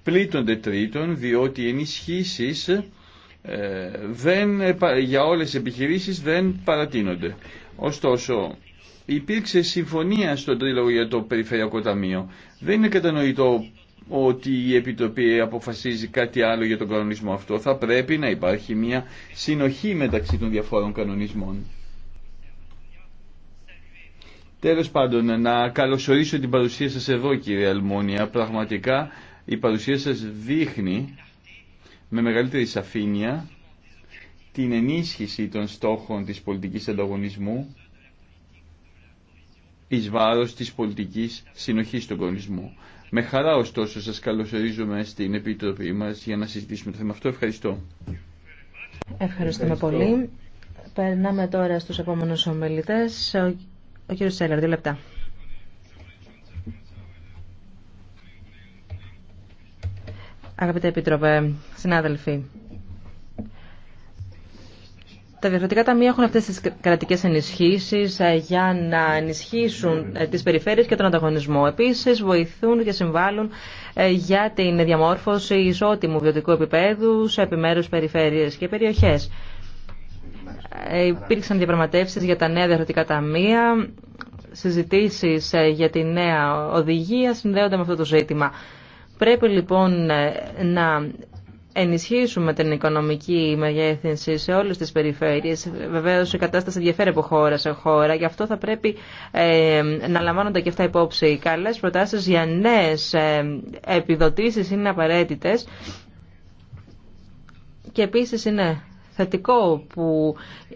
Πλήττονται τρίτον, διότι οι ενισχύσεις ε, για όλες τις επιχειρήσεις δεν παρατείνονται. Ωστόσο, υπήρξε συμφωνία στον Τρίλογο για το Περιφερειακό Ταμείο. Δεν είναι κατανοητό ότι η Επιτροπή αποφασίζει κάτι άλλο για τον κανονισμό αυτό. Θα πρέπει να υπάρχει μια συνοχή μεταξύ των διαφόρων κανονισμών. Τέλος πάντων, να καλωσορίσω την παρουσία σας εδώ κύριε Αλμόνια. Πραγματικά η παρουσία σας δείχνει με μεγαλύτερη σαφήνεια την ενίσχυση των στόχων της πολιτικής ανταγωνισμού εις βάρος της πολιτικής συνοχής του κανονισμού. Με χαρά ωστόσο σας καλωσορίζουμε στην Επίτροπή μας για να συζητήσουμε το θέμα αυτό. Ευχαριστώ. Ευχαριστούμε πολύ. Περνάμε τώρα στους επόμενους ομιλητές. Ο, ο κύριος Σέλλερ, δύο λεπτά. Αγαπητέ Επίτροπε, συνάδελφοι, τα διαφορετικά ταμεία έχουν αυτές τις κρατικέ ενισχύσεις ε, για να ενισχύσουν ε, τις περιφέρειες και τον ανταγωνισμό. Επίσης βοηθούν και συμβάλλουν ε, για την διαμόρφωση ισότιμου βιωτικού επίπεδου σε επιμέρους περιφέρειες και περιοχές. Υπήρξαν διαπραγματεύσεις για τα νέα διαφορετικά ταμεία, συζητήσεις για τη νέα οδηγία συνδέονται με αυτό το ζήτημα. Πρέπει λοιπόν να ενισχύσουμε την οικονομική μεγέθυνση σε όλες τις περιφέρειες. Βεβαίως η κατάσταση διαφέρει από χώρα σε χώρα, γι' αυτό θα πρέπει ε, να λαμβάνονται και αυτά υπόψη. Οι καλές προτάσεις για νέες ε, επιδοτήσεις είναι απαραίτητες και επίσης είναι θετικό που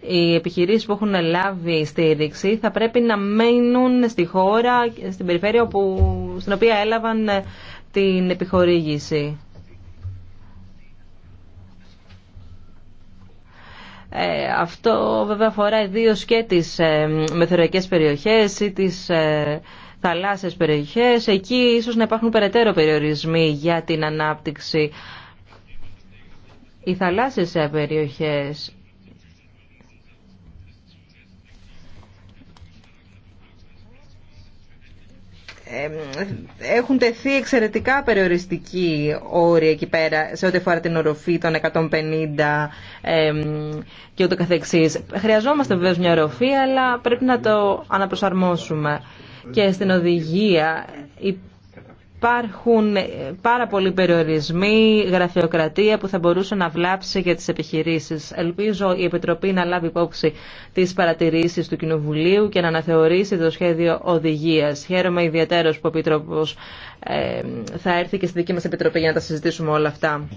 οι επιχειρήσεις που έχουν λάβει στήριξη θα πρέπει να μένουν στη χώρα, στην περιφέρεια στην οποία έλαβαν ε, την επιχορήγηση. Ε, αυτό βέβαια αφορά ιδίω και τις ε, μεθοριακέ περιοχές ή τις ε, θαλάσσιε περιοχές. Εκεί ίσως να υπάρχουν περαιτέρω περιορισμοί για την ανάπτυξη. Οι θαλάσσιε περιοχέ. έχουν τεθεί εξαιρετικά περιοριστικοί όροι εκεί πέρα σε ό,τι αφορά την οροφή των 150 και ούτω καθεξής. Χρειαζόμαστε βεβαίως μια οροφή, αλλά πρέπει να το αναπροσαρμόσουμε. Και στην οδηγία υπάρχουν ε, πάρα πολλοί περιορισμοί, γραφειοκρατία που θα μπορούσε να βλάψει για τις επιχειρήσεις. Ελπίζω η Επιτροπή να λάβει υπόψη τις παρατηρήσεις του Κοινοβουλίου και να αναθεωρήσει το σχέδιο οδηγίας. Χαίρομαι ιδιαίτερος που ο Επιτροπός ε, θα έρθει και στη δική μας Επιτροπή για να τα συζητήσουμε όλα αυτά.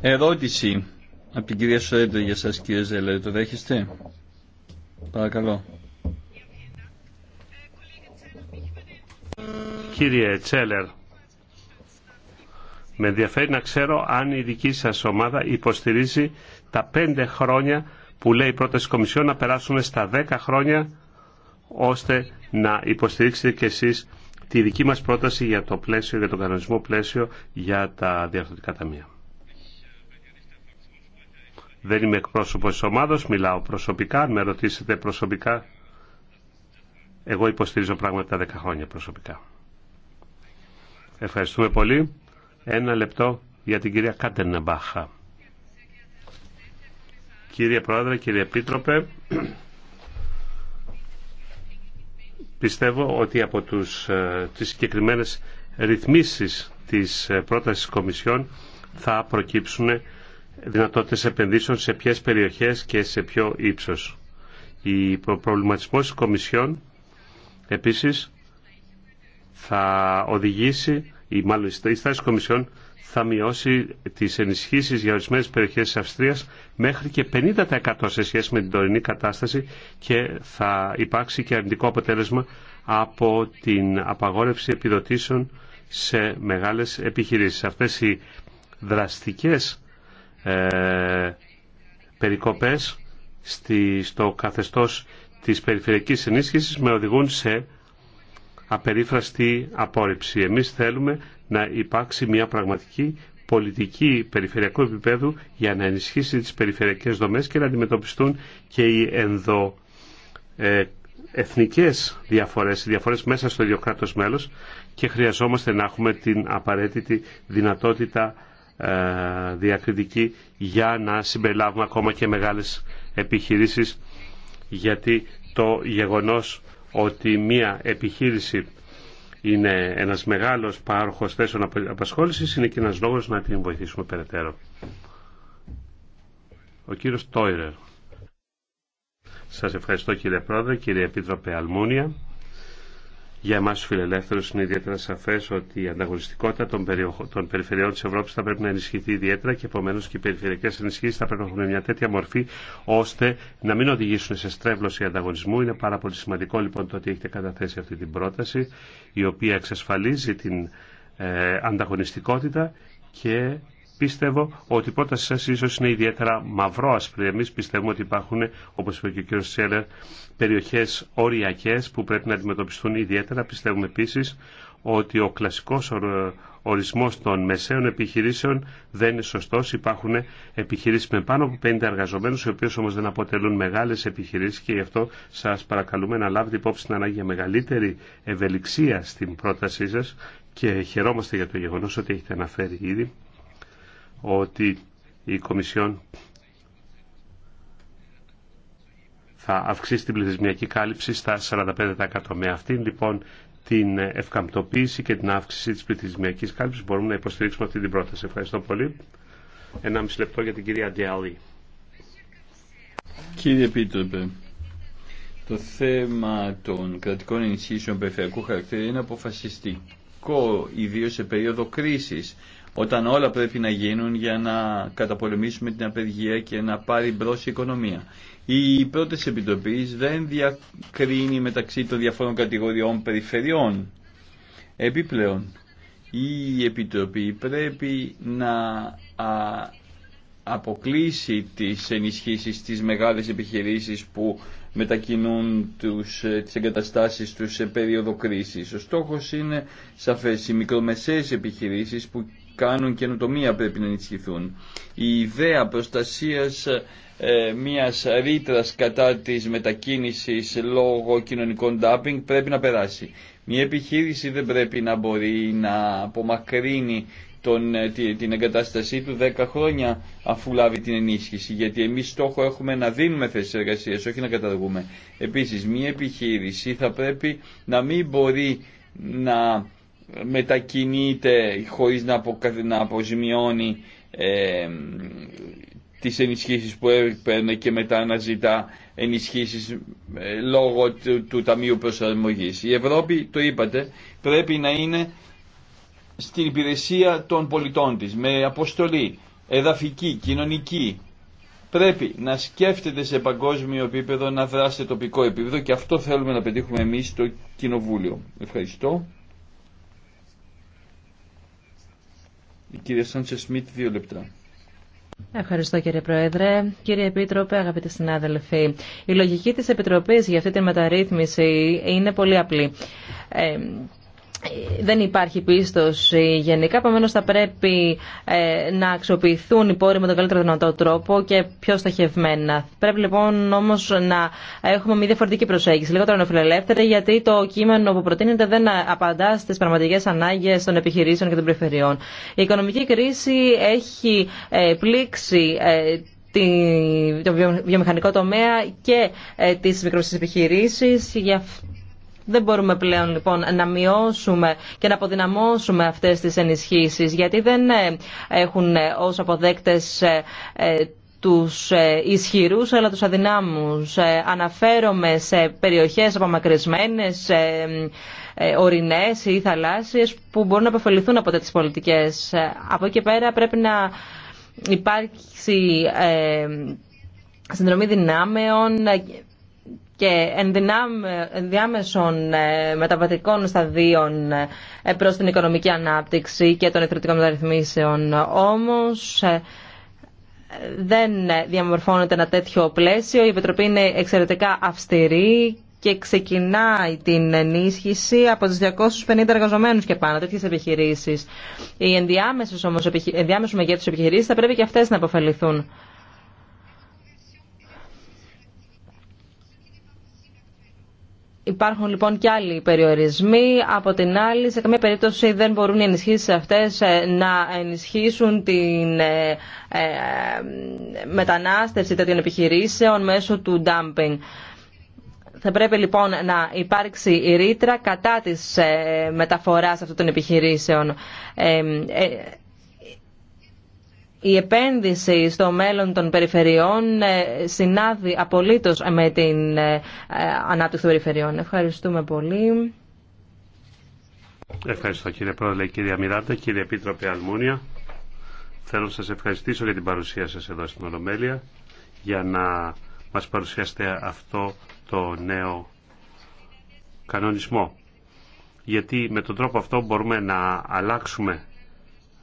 Ερώτηση από την κυρία για σας κύριε Ζέλερ, το δέχεστε. Παρακαλώ. Κύριε Τσέλερ, με ενδιαφέρει να ξέρω αν η δική σας ομάδα υποστηρίζει τα πέντε χρόνια που λέει η πρόταση Κομισιόν να περάσουμε στα δέκα χρόνια ώστε να υποστηρίξετε κι εσείς τη δική μας πρόταση για το πλαίσιο, για τον κανονισμό πλαίσιο για τα διαρθρωτικά ταμεία. Δεν είμαι εκπρόσωπος της ομάδος, μιλάω προσωπικά. Αν με ρωτήσετε προσωπικά εγώ υποστηρίζω πράγματα 10 χρόνια προσωπικά. Ευχαριστούμε πολύ. Ένα λεπτό για την κυρία Κάτενεμπάχα. Κύριε Πρόεδρε, κύριε Επίτροπε, πιστεύω ότι από τους, ε, τις συγκεκριμένε ρυθμίσεις της ε, πρότασης Κομισιόν θα προκύψουν δυνατότητες επενδύσεων σε ποιες περιοχές και σε ποιο ύψος. Οι προβληματισμός της Κομισιόν Επίσης, θα οδηγήσει, ή μάλλον η στάση Κομισιόν θα μειώσει τις ενισχύσεις για ορισμένες περιοχές της Αυστρίας μέχρι και 50% σε σχέση με την τωρινή κατάσταση και θα υπάρξει και αρνητικό αποτέλεσμα από την απαγόρευση επιδοτήσεων σε μεγάλες επιχειρήσεις. Αυτές οι δραστικές ε, περικοπές στη, στο καθεστώς της περιφερειακής ενίσχυσης με οδηγούν σε απερίφραστη απόρριψη. Εμείς θέλουμε να υπάρξει μια πραγματική πολιτική περιφερειακού επίπεδου για να ενισχύσει τις περιφερειακές δομές και να αντιμετωπιστούν και οι ενδο ε, εθνικές διαφορές, οι διαφορές μέσα στο ίδιο μέλος και χρειαζόμαστε να έχουμε την απαραίτητη δυνατότητα ε, διακριτική για να συμπεριλάβουμε ακόμα και μεγάλες επιχειρήσεις γιατί το γεγονός ότι μια επιχείρηση είναι ένας μεγάλος πάροχος θέσεων απασχόλησης είναι και ένας λόγος να την βοηθήσουμε περαιτέρω. Ο κύριος Τόιρερ. Σας ευχαριστώ κύριε Πρόεδρε, κύριε Επίτροπε Αλμούνια. Για εμά του φιλελεύθερου, είναι ιδιαίτερα σαφέ ότι η ανταγωνιστικότητα των, των περιφερειών τη Ευρώπη θα πρέπει να ενισχυθεί ιδιαίτερα και επομένω και οι περιφερειακές ενισχύσει θα πρέπει να έχουν μια τέτοια μορφή ώστε να μην οδηγήσουν σε στρέβλωση ανταγωνισμού. Είναι πάρα πολύ σημαντικό λοιπόν το ότι έχετε καταθέσει αυτή την πρόταση η οποία εξασφαλίζει την ε, ανταγωνιστικότητα και Πίστευω ότι η πρότασή σα ίσω είναι ιδιαίτερα μαυρό-ασπρή. Εμεί πιστεύουμε ότι υπάρχουν, όπω είπε και ο κ. Σέλερ, περιοχέ οριακέ που πρέπει να αντιμετωπιστούν ιδιαίτερα. Πιστεύουμε επίση ότι ο κλασικό ορισμό των μεσαίων επιχειρήσεων δεν είναι σωστό. Υπάρχουν επιχειρήσει με πάνω από 50 εργαζομένου, οι οποίε όμω δεν αποτελούν μεγάλε επιχειρήσει, και γι' αυτό σα παρακαλούμε να λάβετε υπόψη την ανάγκη για μεγαλύτερη ευελιξία στην πρότασή σα και χαιρόμαστε για το γεγονός ότι έχετε αναφέρει ήδη ότι η Κομισιόν θα αυξήσει την πληθυσμιακή κάλυψη στα 45%. Με αυτήν λοιπόν την ευκαμπτοποίηση και την αύξηση της πληθυσμιακής κάλυψης μπορούμε να υποστηρίξουμε αυτή την πρόταση. Ευχαριστώ πολύ. Ένα μισή λεπτό για την κυρία Ντιαλή. Κύριε Επίτροπε, το θέμα των κρατικών ενισχύσεων περιφερειακού χαρακτήρα είναι αποφασιστικό, ιδίως σε περίοδο κρίσης όταν όλα πρέπει να γίνουν για να καταπολεμήσουμε την απεργία και να πάρει μπρο η οικονομία. Η πρώτη επιτροπή δεν διακρίνει μεταξύ των διαφόρων κατηγοριών περιφερειών. Επιπλέον, η Επιτροπή πρέπει να αποκλείσει τις ενισχύσεις της μεγάλες επιχειρήσεις που μετακινούν τους, ε, τις εγκαταστάσεις τους σε περίοδο κρίσης. Ο στόχος είναι σαφές οι μικρομεσαίες επιχειρήσεις κάνουν καινοτομία πρέπει να ενισχυθούν. Η ιδέα προστασίας ε, μιας ρήτρα κατά της μετακίνησης λόγω κοινωνικών ντάπινγκ πρέπει να περάσει. Μια επιχείρηση δεν πρέπει να μπορεί να απομακρύνει τον, ε, την εγκατάστασή του 10 χρόνια αφού λάβει την ενίσχυση. Γιατί εμεί στόχο έχουμε να δίνουμε θέσει εργασία, όχι να καταργούμε. Επίση, μια επιχείρηση θα πρέπει να μην μπορεί να μετακινείται χωρίς να, απο, να αποζημιώνει ε, τις ενισχύσεις που έπαιρνε και μετά να ζητά ενισχύσεις ε, λόγω του, Ταμείου Προσαρμογής. Η Ευρώπη, το είπατε, πρέπει να είναι στην υπηρεσία των πολιτών της, με αποστολή εδαφική, κοινωνική. Πρέπει να σκέφτεται σε παγκόσμιο επίπεδο, να δράσει σε τοπικό επίπεδο και αυτό θέλουμε να πετύχουμε εμείς στο Κοινοβούλιο. Ευχαριστώ. Η κυρία Σάντσε Σμιτ, δύο λεπτά. Ευχαριστώ κύριε Πρόεδρε. Κύριε Επίτροπε, αγαπητοί συνάδελφοι, η λογική της Επιτροπής για αυτή τη μεταρρύθμιση είναι πολύ απλή. Ε, δεν υπάρχει πίστοση γενικά, επομένω θα πρέπει ε, να αξιοποιηθούν οι πόροι με τον καλύτερο δυνατό τρόπο και πιο στοχευμένα. Πρέπει λοιπόν όμω να έχουμε μια διαφορετική προσέγγιση, λιγότερο νεοφιλελεύθερη, γιατί το κείμενο που προτείνεται δεν απαντά στι πραγματικέ ανάγκε των επιχειρήσεων και των περιφερειών. Η οικονομική κρίση έχει ε, πλήξει ε, το βιομηχανικό τομέα και τις μικρές επιχειρήσεις. Γι' Δεν μπορούμε πλέον λοιπόν να μειώσουμε και να αποδυναμώσουμε αυτές τις ενισχύσεις γιατί δεν ε, έχουν ε, ως αποδέκτες ε, τους ισχυρούς αλλά τους αδυνάμους. Αναφέρομαι σε περιοχές απομακρυσμένες, ορεινές ή θαλάσσιες που μπορούν να αποφεληθούν από τέτοιες πολιτικές. Από εκεί και πέρα πρέπει να υπάρξει συνδρομή δυνάμεων και ενδιάμεσων ε, μεταβατικών σταδίων ε, προς την οικονομική ανάπτυξη και των εθνικών μεταρρυθμίσεων. Όμως ε, δεν διαμορφώνεται ένα τέτοιο πλαίσιο. Η Επιτροπή είναι εξαιρετικά αυστηρή και ξεκινάει την ενίσχυση από τους 250 εργαζομένους και πάνω, τέτοιες επιχειρήσεις. Οι ενδιάμεσες όμως, ενδιάμεσους μεγέθους επιχειρήσεις θα πρέπει και αυτές να αποφεληθούν. Υπάρχουν λοιπόν και άλλοι περιορισμοί. Από την άλλη, σε καμία περίπτωση δεν μπορούν οι ενισχύσει αυτέ ε, να ενισχύσουν την ε, ε, μετανάστευση τέτοιων επιχειρήσεων μέσω του dumping. Θα πρέπει λοιπόν να υπάρξει η ρήτρα κατά της μεταφοράς αυτών των επιχειρήσεων η επένδυση στο μέλλον των περιφερειών ε, συνάδει απολύτως με την ε, ε, ανάπτυξη των περιφερειών. Ευχαριστούμε πολύ. Ευχαριστώ κύριε Πρόεδρε, κύριε Μιράντα, κύριε Επίτροπε Αλμούνια. Θέλω να σας ευχαριστήσω για την παρουσία σας εδώ στην Ολομέλεια για να μας παρουσιάσετε αυτό το νέο κανονισμό. Γιατί με τον τρόπο αυτό μπορούμε να αλλάξουμε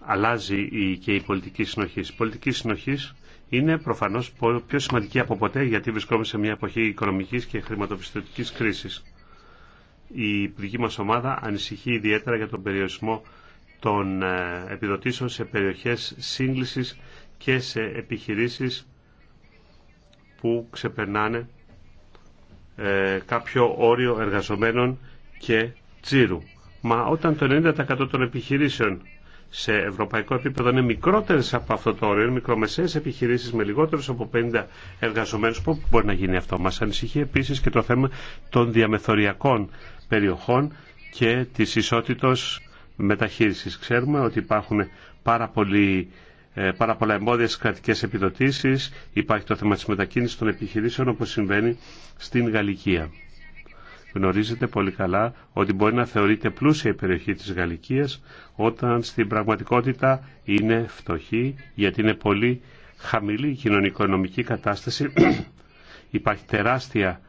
αλλάζει και η πολιτική συνοχή. Η πολιτική συνοχή είναι προφανώ πιο σημαντική από ποτέ γιατί βρισκόμαστε σε μια εποχή οικονομική και χρηματοπιστωτική κρίση. Η δική μα ομάδα ανησυχεί ιδιαίτερα για τον περιορισμό των ε, επιδοτήσεων σε περιοχές σύγκληση και σε επιχειρήσεις που ξεπερνάνε ε, κάποιο όριο εργαζομένων και τζίρου. Μα όταν το 90% των επιχειρήσεων σε ευρωπαϊκό επίπεδο είναι μικρότερες από αυτό το όριο, είναι μικρομεσαίες επιχειρήσεις με λιγότερους από 50 εργαζομένους. Πού μπορεί να γίνει αυτό. Μας ανησυχεί επίσης και το θέμα των διαμεθοριακών περιοχών και της ισότητος μεταχείρισης. Ξέρουμε ότι υπάρχουν πάρα πολλοί ε, πάρα πολλά εμπόδια στις κρατικές επιδοτήσεις, υπάρχει το θέμα της μετακίνησης των επιχειρήσεων όπως συμβαίνει στην Γαλλικία. Γνωρίζετε πολύ καλά ότι μπορεί να θεωρείται πλούσια η περιοχή της Γαλλικίας όταν στην πραγματικότητα είναι φτωχή γιατί είναι πολύ χαμηλή η κοινωνικονομική κατάσταση. Υπάρχει τεράστια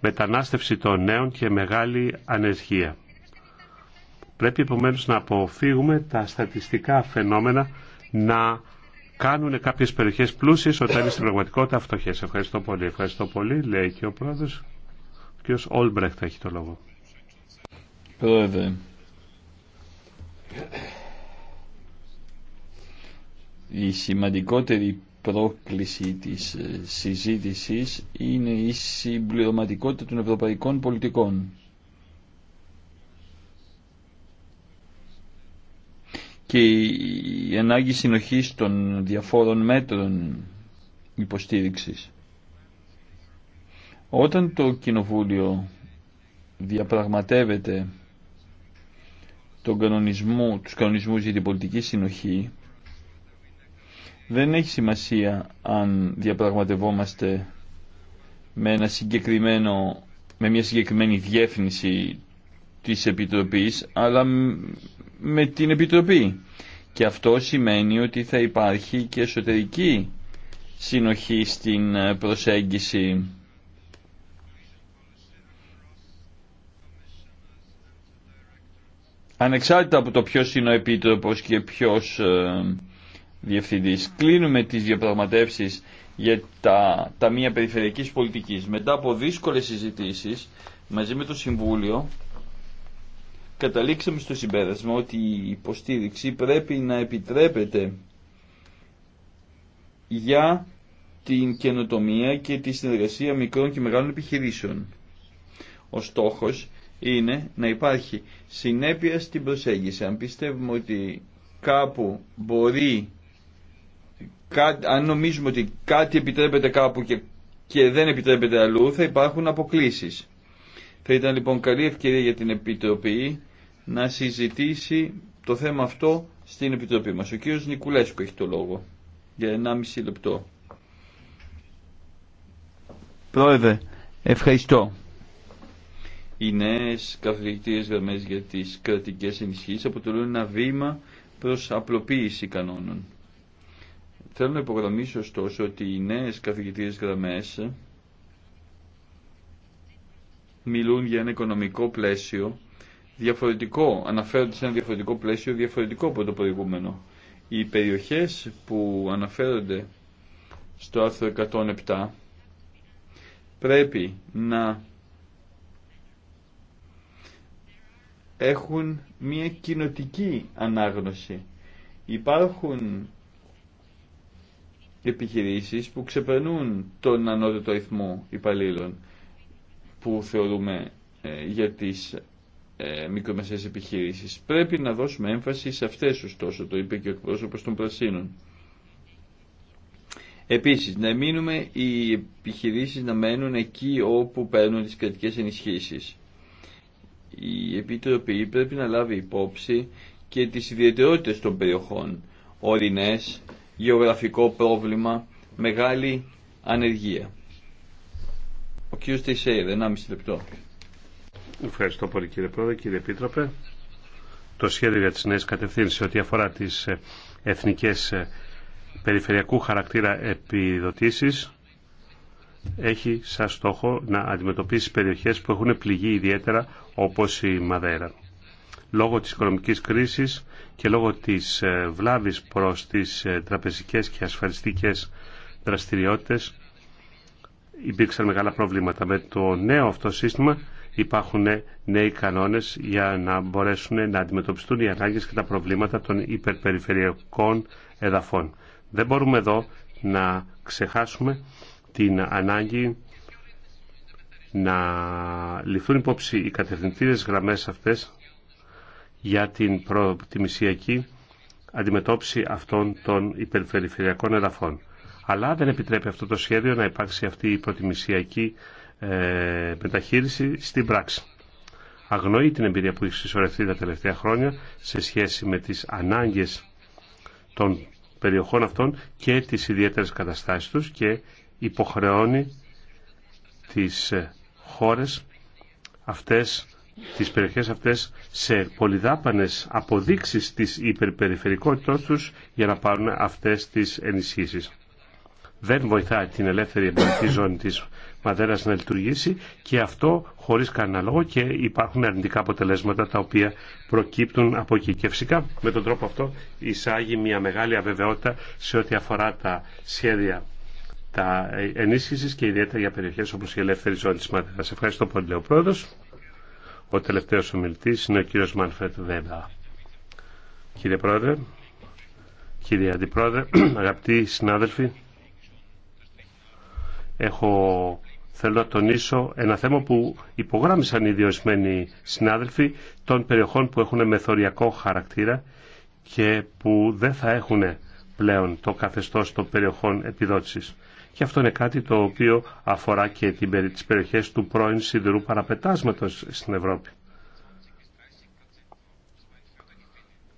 μετανάστευση των νέων και μεγάλη ανεργία. Πρέπει επομένως να αποφύγουμε τα στατιστικά φαινόμενα να κάνουν κάποιες περιοχές πλούσιες όταν είναι στην πραγματικότητα φτωχές. Ευχαριστώ πολύ. Ευχαριστώ πολύ, λέει και ο πρόεδρος κ. Όλμπρεχτ έχει το λόγο. Πρόεδρε. Η σημαντικότερη πρόκληση της ε, συζήτησης είναι η συμπληρωματικότητα των ευρωπαϊκών πολιτικών. και η ανάγκη συνοχής των διαφόρων μέτρων υποστήριξης. Όταν το Κοινοβούλιο διαπραγματεύεται τον κανονισμό, τους κανονισμούς για την πολιτική συνοχή, δεν έχει σημασία αν διαπραγματευόμαστε με, ένα συγκεκριμένο, με μια συγκεκριμένη διεύθυνση της Επιτροπής, αλλά με την Επιτροπή. Και αυτό σημαίνει ότι θα υπάρχει και εσωτερική συνοχή στην προσέγγιση ανεξάρτητα από το ποιο είναι ο επίτροπος και ποιο ε, διευθυντής. Κλείνουμε τις διαπραγματεύσεις για τα Ταμεία Περιφερειακής Πολιτικής. Μετά από δύσκολες συζητήσεις μαζί με το Συμβούλιο καταλήξαμε στο συμπέρασμα ότι η υποστήριξη πρέπει να επιτρέπεται για την καινοτομία και τη συνεργασία μικρών και μεγάλων επιχειρήσεων. Ο στόχος είναι να υπάρχει συνέπεια στην προσέγγιση. Αν πιστεύουμε ότι κάπου μπορεί, αν νομίζουμε ότι κάτι επιτρέπεται κάπου και, δεν επιτρέπεται αλλού, θα υπάρχουν αποκλήσεις. Θα ήταν λοιπόν καλή ευκαιρία για την Επιτροπή να συζητήσει το θέμα αυτό στην Επιτροπή μας. Ο κύριος Νικουλέσκου έχει το λόγο για 1,5 λεπτό. Πρόεδρε, ευχαριστώ. Οι νέε καθοδηγητήριε γραμμέ για τι κρατικέ ενισχύσει αποτελούν ένα βήμα προ απλοποίηση κανόνων. Θέλω να υπογραμμίσω ωστόσο ότι οι νέε καθηγητικέ γραμμέ μιλούν για ένα οικονομικό πλαίσιο διαφορετικό, αναφέρονται σε ένα διαφορετικό πλαίσιο διαφορετικό από το προηγούμενο. Οι περιοχές που αναφέρονται στο άρθρο 107 πρέπει να έχουν μια κοινοτική ανάγνωση. Υπάρχουν επιχειρήσεις που ξεπερνούν τον ανώτερο αριθμό υπαλλήλων που θεωρούμε ε, για τις ε, μικρομεσαίες επιχειρήσεις. Πρέπει να δώσουμε έμφαση σε αυτές ωστόσο, το είπε και ο εκπρόσωπος των Πρασίνων. Επίσης, να μείνουμε οι επιχειρήσεις να μένουν εκεί όπου παίρνουν τις κρατικές ενισχύσεις η Επιτροπή πρέπει να λάβει υπόψη και τις ιδιαιτερότητες των περιοχών, ορεινές, γεωγραφικό πρόβλημα, μεγάλη ανεργία. Ο κ. ένα 1,5 λεπτό. Ευχαριστώ πολύ κύριε Πρόεδρε, κύριε Επίτροπε. Το σχέδιο για τις νέες κατευθύνσεις ό,τι αφορά τις ε, εθνικές ε, περιφερειακού χαρακτήρα επιδοτήσεις έχει σαν στόχο να αντιμετωπίσει περιοχές που έχουν πληγεί ιδιαίτερα όπως η Μαδέρα. Λόγω της οικονομικής κρίσης και λόγω της ε, βλάβης προς τις ε, τραπεζικές και ασφαλιστικές δραστηριότητες υπήρξαν μεγάλα προβλήματα. Με το νέο αυτό σύστημα υπάρχουν ε, νέοι κανόνες για να μπορέσουν να αντιμετωπιστούν οι ανάγκες και τα προβλήματα των υπερπεριφερειακών εδαφών. Δεν μπορούμε εδώ να ξεχάσουμε την ανάγκη να ληφθούν υπόψη οι κατευθυντήρες γραμμές αυτές για την προτιμησιακή αντιμετώπιση αυτών των υπερφερειφυριακών εδαφών. Αλλά δεν επιτρέπει αυτό το σχέδιο να υπάρξει αυτή η προτιμησιακή ε, μεταχείριση στην πράξη. Αγνοεί την εμπειρία που έχει συσσωρευτεί τα τελευταία χρόνια σε σχέση με τις ανάγκες των περιοχών αυτών και τις ιδιαίτερες καταστάσεις τους και υποχρεώνει τις χώρες αυτές, τις περιοχές αυτές σε πολυδάπανες αποδείξεις της υπερπεριφερικότητός τους για να πάρουν αυτές τις ενισχύσεις. Δεν βοηθάει την ελεύθερη εμπορική ζώνη της Μαδέρας να λειτουργήσει και αυτό χωρίς κανένα λόγο και υπάρχουν αρνητικά αποτελέσματα τα οποία προκύπτουν από εκεί. Και φυσικά με τον τρόπο αυτό εισάγει μια μεγάλη αβεβαιότητα σε ό,τι αφορά τα σχέδια τα ενίσχυση και ιδιαίτερα για περιοχές όπως η ελεύθερη ζώνη της Μαδέρας. Ευχαριστώ πολύ, λέει ο πρόεδρος. Ο τελευταίος ομιλητής είναι ο κύριος Μανφρέτ Βέμπα. Κύριε Πρόεδρε, κύριε Αντιπρόεδρε, αγαπητοί συνάδελφοι, έχω, θέλω να τονίσω ένα θέμα που υπογράμμισαν οι διορισμένοι συνάδελφοι των περιοχών που έχουν μεθοριακό χαρακτήρα και που δεν θα έχουν πλέον το καθεστώς των περιοχών επιδότησης. Και αυτό είναι κάτι το οποίο αφορά και τις περιοχές του πρώην σιδηρού παραπετάσματος στην Ευρώπη.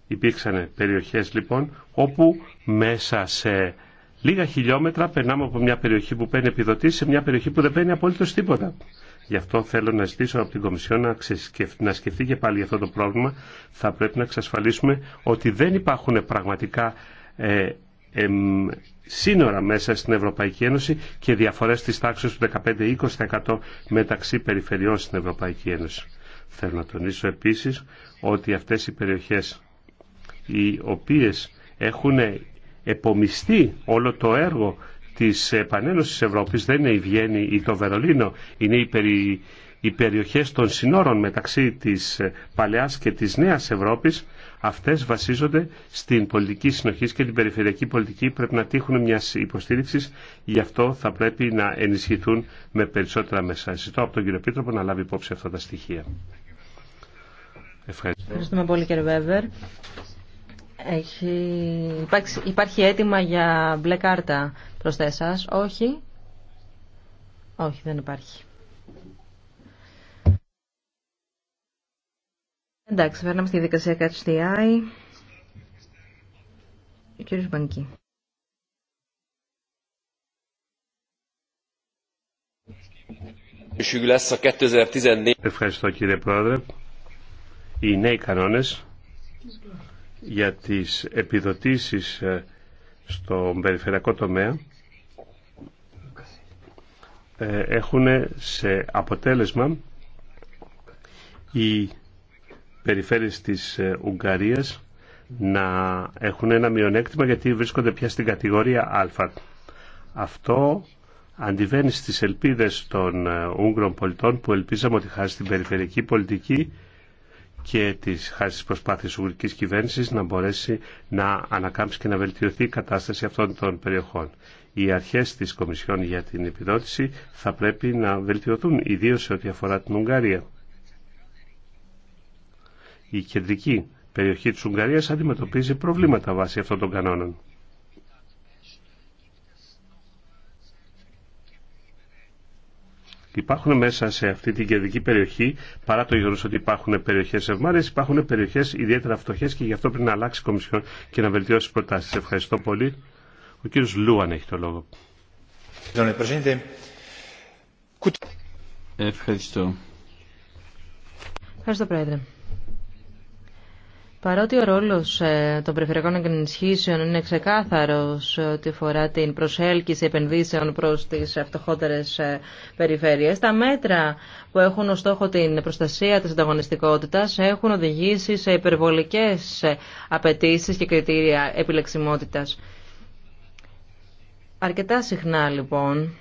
Υπήρξαν περιοχές λοιπόν όπου μέσα σε λίγα χιλιόμετρα περνάμε από μια περιοχή που παίρνει επιδοτήσει σε μια περιοχή που δεν παίρνει απολύτω τίποτα. Γι' αυτό θέλω να ζητήσω από την Κομισιόν να, να σκεφτεί και πάλι για αυτό το πρόβλημα. Θα πρέπει να εξασφαλίσουμε ότι δεν υπάρχουν πραγματικά ε, εμ, σύνορα μέσα στην Ευρωπαϊκή Ένωση και διαφορές της τάξης του 15-20% μεταξύ περιφερειών στην Ευρωπαϊκή Ένωση. Θέλω να τονίσω επίσης ότι αυτές οι περιοχές οι οποίες έχουν επομιστεί όλο το έργο της επανένωσης Ευρώπης δεν είναι η Βιέννη ή το Βερολίνο, είναι οι, περι... οι περιοχές των συνόρων μεταξύ της παλαιάς και της νέας Ευρώπης Αυτές βασίζονται στην πολιτική συνοχή και την περιφερειακή πολιτική πρέπει να τύχουν μια υποστήριξη. Γι' αυτό θα πρέπει να ενισχυθούν με περισσότερα μέσα. Ζητώ από τον κύριο Πίτροπο να λάβει υπόψη αυτά τα στοιχεία. Ευχαριστώ. Ευχαριστούμε πολύ κύριε Βέβερ. Υπάρχει, υπάρχει αίτημα για μπλε κάρτα προς εσάς. Όχι. Όχι, δεν υπάρχει. Εντάξει, φέρναμε στη δικασία Catch στη Eye. Ο κύριος Μπανκή. Ευχαριστώ κύριε Πρόεδρε. Οι νέοι κανόνες για τις επιδοτήσεις ε, στον περιφερειακό τομέα ε, έχουν σε αποτέλεσμα οι περιφέρειες της ε, Ουγγαρίας να έχουν ένα μειονέκτημα γιατί βρίσκονται πια στην κατηγορία Α. Αυτό αντιβαίνει στις ελπίδες των ε, Ούγγρων πολιτών που ελπίζαμε ότι χάρη στην περιφερειακή πολιτική και τις, χάρη στις προσπάθειες της Ουγγρικής κυβέρνησης να μπορέσει να ανακάμψει και να βελτιωθεί η κατάσταση αυτών των περιοχών. Οι αρχές της Κομισιόν για την επιδότηση θα πρέπει να βελτιωθούν, ιδίως σε ό,τι αφορά την Ουγγαρία η κεντρική περιοχή της Ουγγαρίας αντιμετωπίζει προβλήματα βάσει αυτών των κανόνων. Υπάρχουν μέσα σε αυτή την κεντρική περιοχή, παρά το γεγονό ότι υπάρχουν περιοχέ ευμάρειε, υπάρχουν περιοχέ ιδιαίτερα φτωχέ και γι' αυτό πρέπει να αλλάξει η Κομισιόν και να βελτιώσει τι προτάσει. Ευχαριστώ πολύ. Ο κύριο Λούαν έχει το λόγο. Ευχαριστώ. Ευχαριστώ, Πρόεδρε. Παρότι ο ρόλος ε, των περιφερειακών ενισχύσεων είναι ξεκάθαρος ότι φορά την προσέλκυση επενδύσεων προς τις φτωχότερες ε, περιφέρειες, τα μέτρα που έχουν ως στόχο την προστασία της ανταγωνιστικότητας έχουν οδηγήσει σε υπερβολικές ε, απαιτήσει και κριτήρια επιλεξιμότητας. Αρκετά συχνά λοιπόν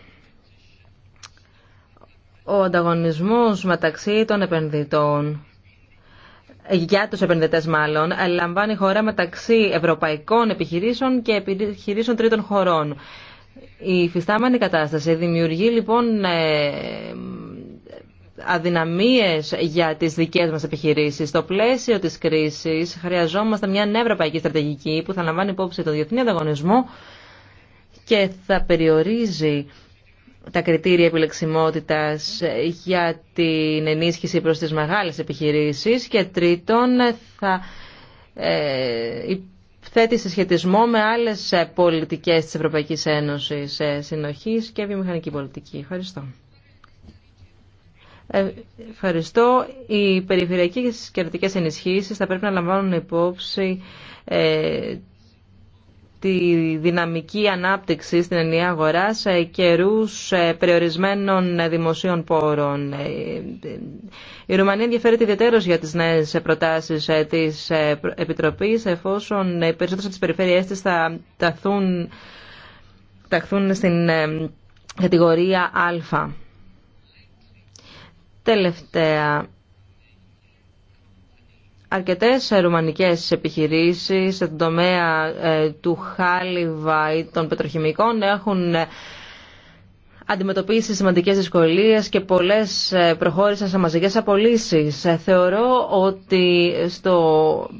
ο ανταγωνισμός μεταξύ των επενδυτών για τους επενδυτές μάλλον, λαμβάνει χώρα μεταξύ ευρωπαϊκών επιχειρήσεων και επιχειρήσεων τρίτων χωρών. Η φυστάμενη κατάσταση δημιουργεί λοιπόν ε, αδυναμίες για τις δικές μας επιχειρήσεις. Στο πλαίσιο της κρίσης χρειαζόμαστε μια ευρωπαϊκή στρατηγική που θα λαμβάνει υπόψη τον διεθνή ανταγωνισμό και θα περιορίζει τα κριτήρια επιλεξιμότητας για την ενίσχυση προς τις μεγάλες επιχειρήσεις και τρίτον θα ε, θέτει σε σχετισμό με άλλες πολιτικές της Ευρωπαϊκής Ένωσης ε, συνοχής και βιομηχανική πολιτική. Ευχαριστώ. Ε, ευχαριστώ. Οι περιφερειακές και ενισχύσεις θα πρέπει να λαμβάνουν υπόψη ε, τη δυναμική ανάπτυξη στην ενιαία αγορά σε καιρούς ε, περιορισμένων δημοσίων πόρων. Ε, η Ρουμανία ενδιαφέρεται ιδιαίτερα για τις νέες προτάσεις ε, της Επιτροπής εφόσον οι περισσότερες από τις περιφέρειές της θα ταχθούν στην κατηγορία Α. Τελευταία αρκετές ρουμανικές επιχειρήσεις σε τομέα ε, του χάλιβα ή των πετροχημικών έχουν ε, αντιμετωπίσει σημαντικές δυσκολίε και πολλέ ε, προχώρησαν σε μαζικέ απολύσει. Ε, θεωρώ ότι στο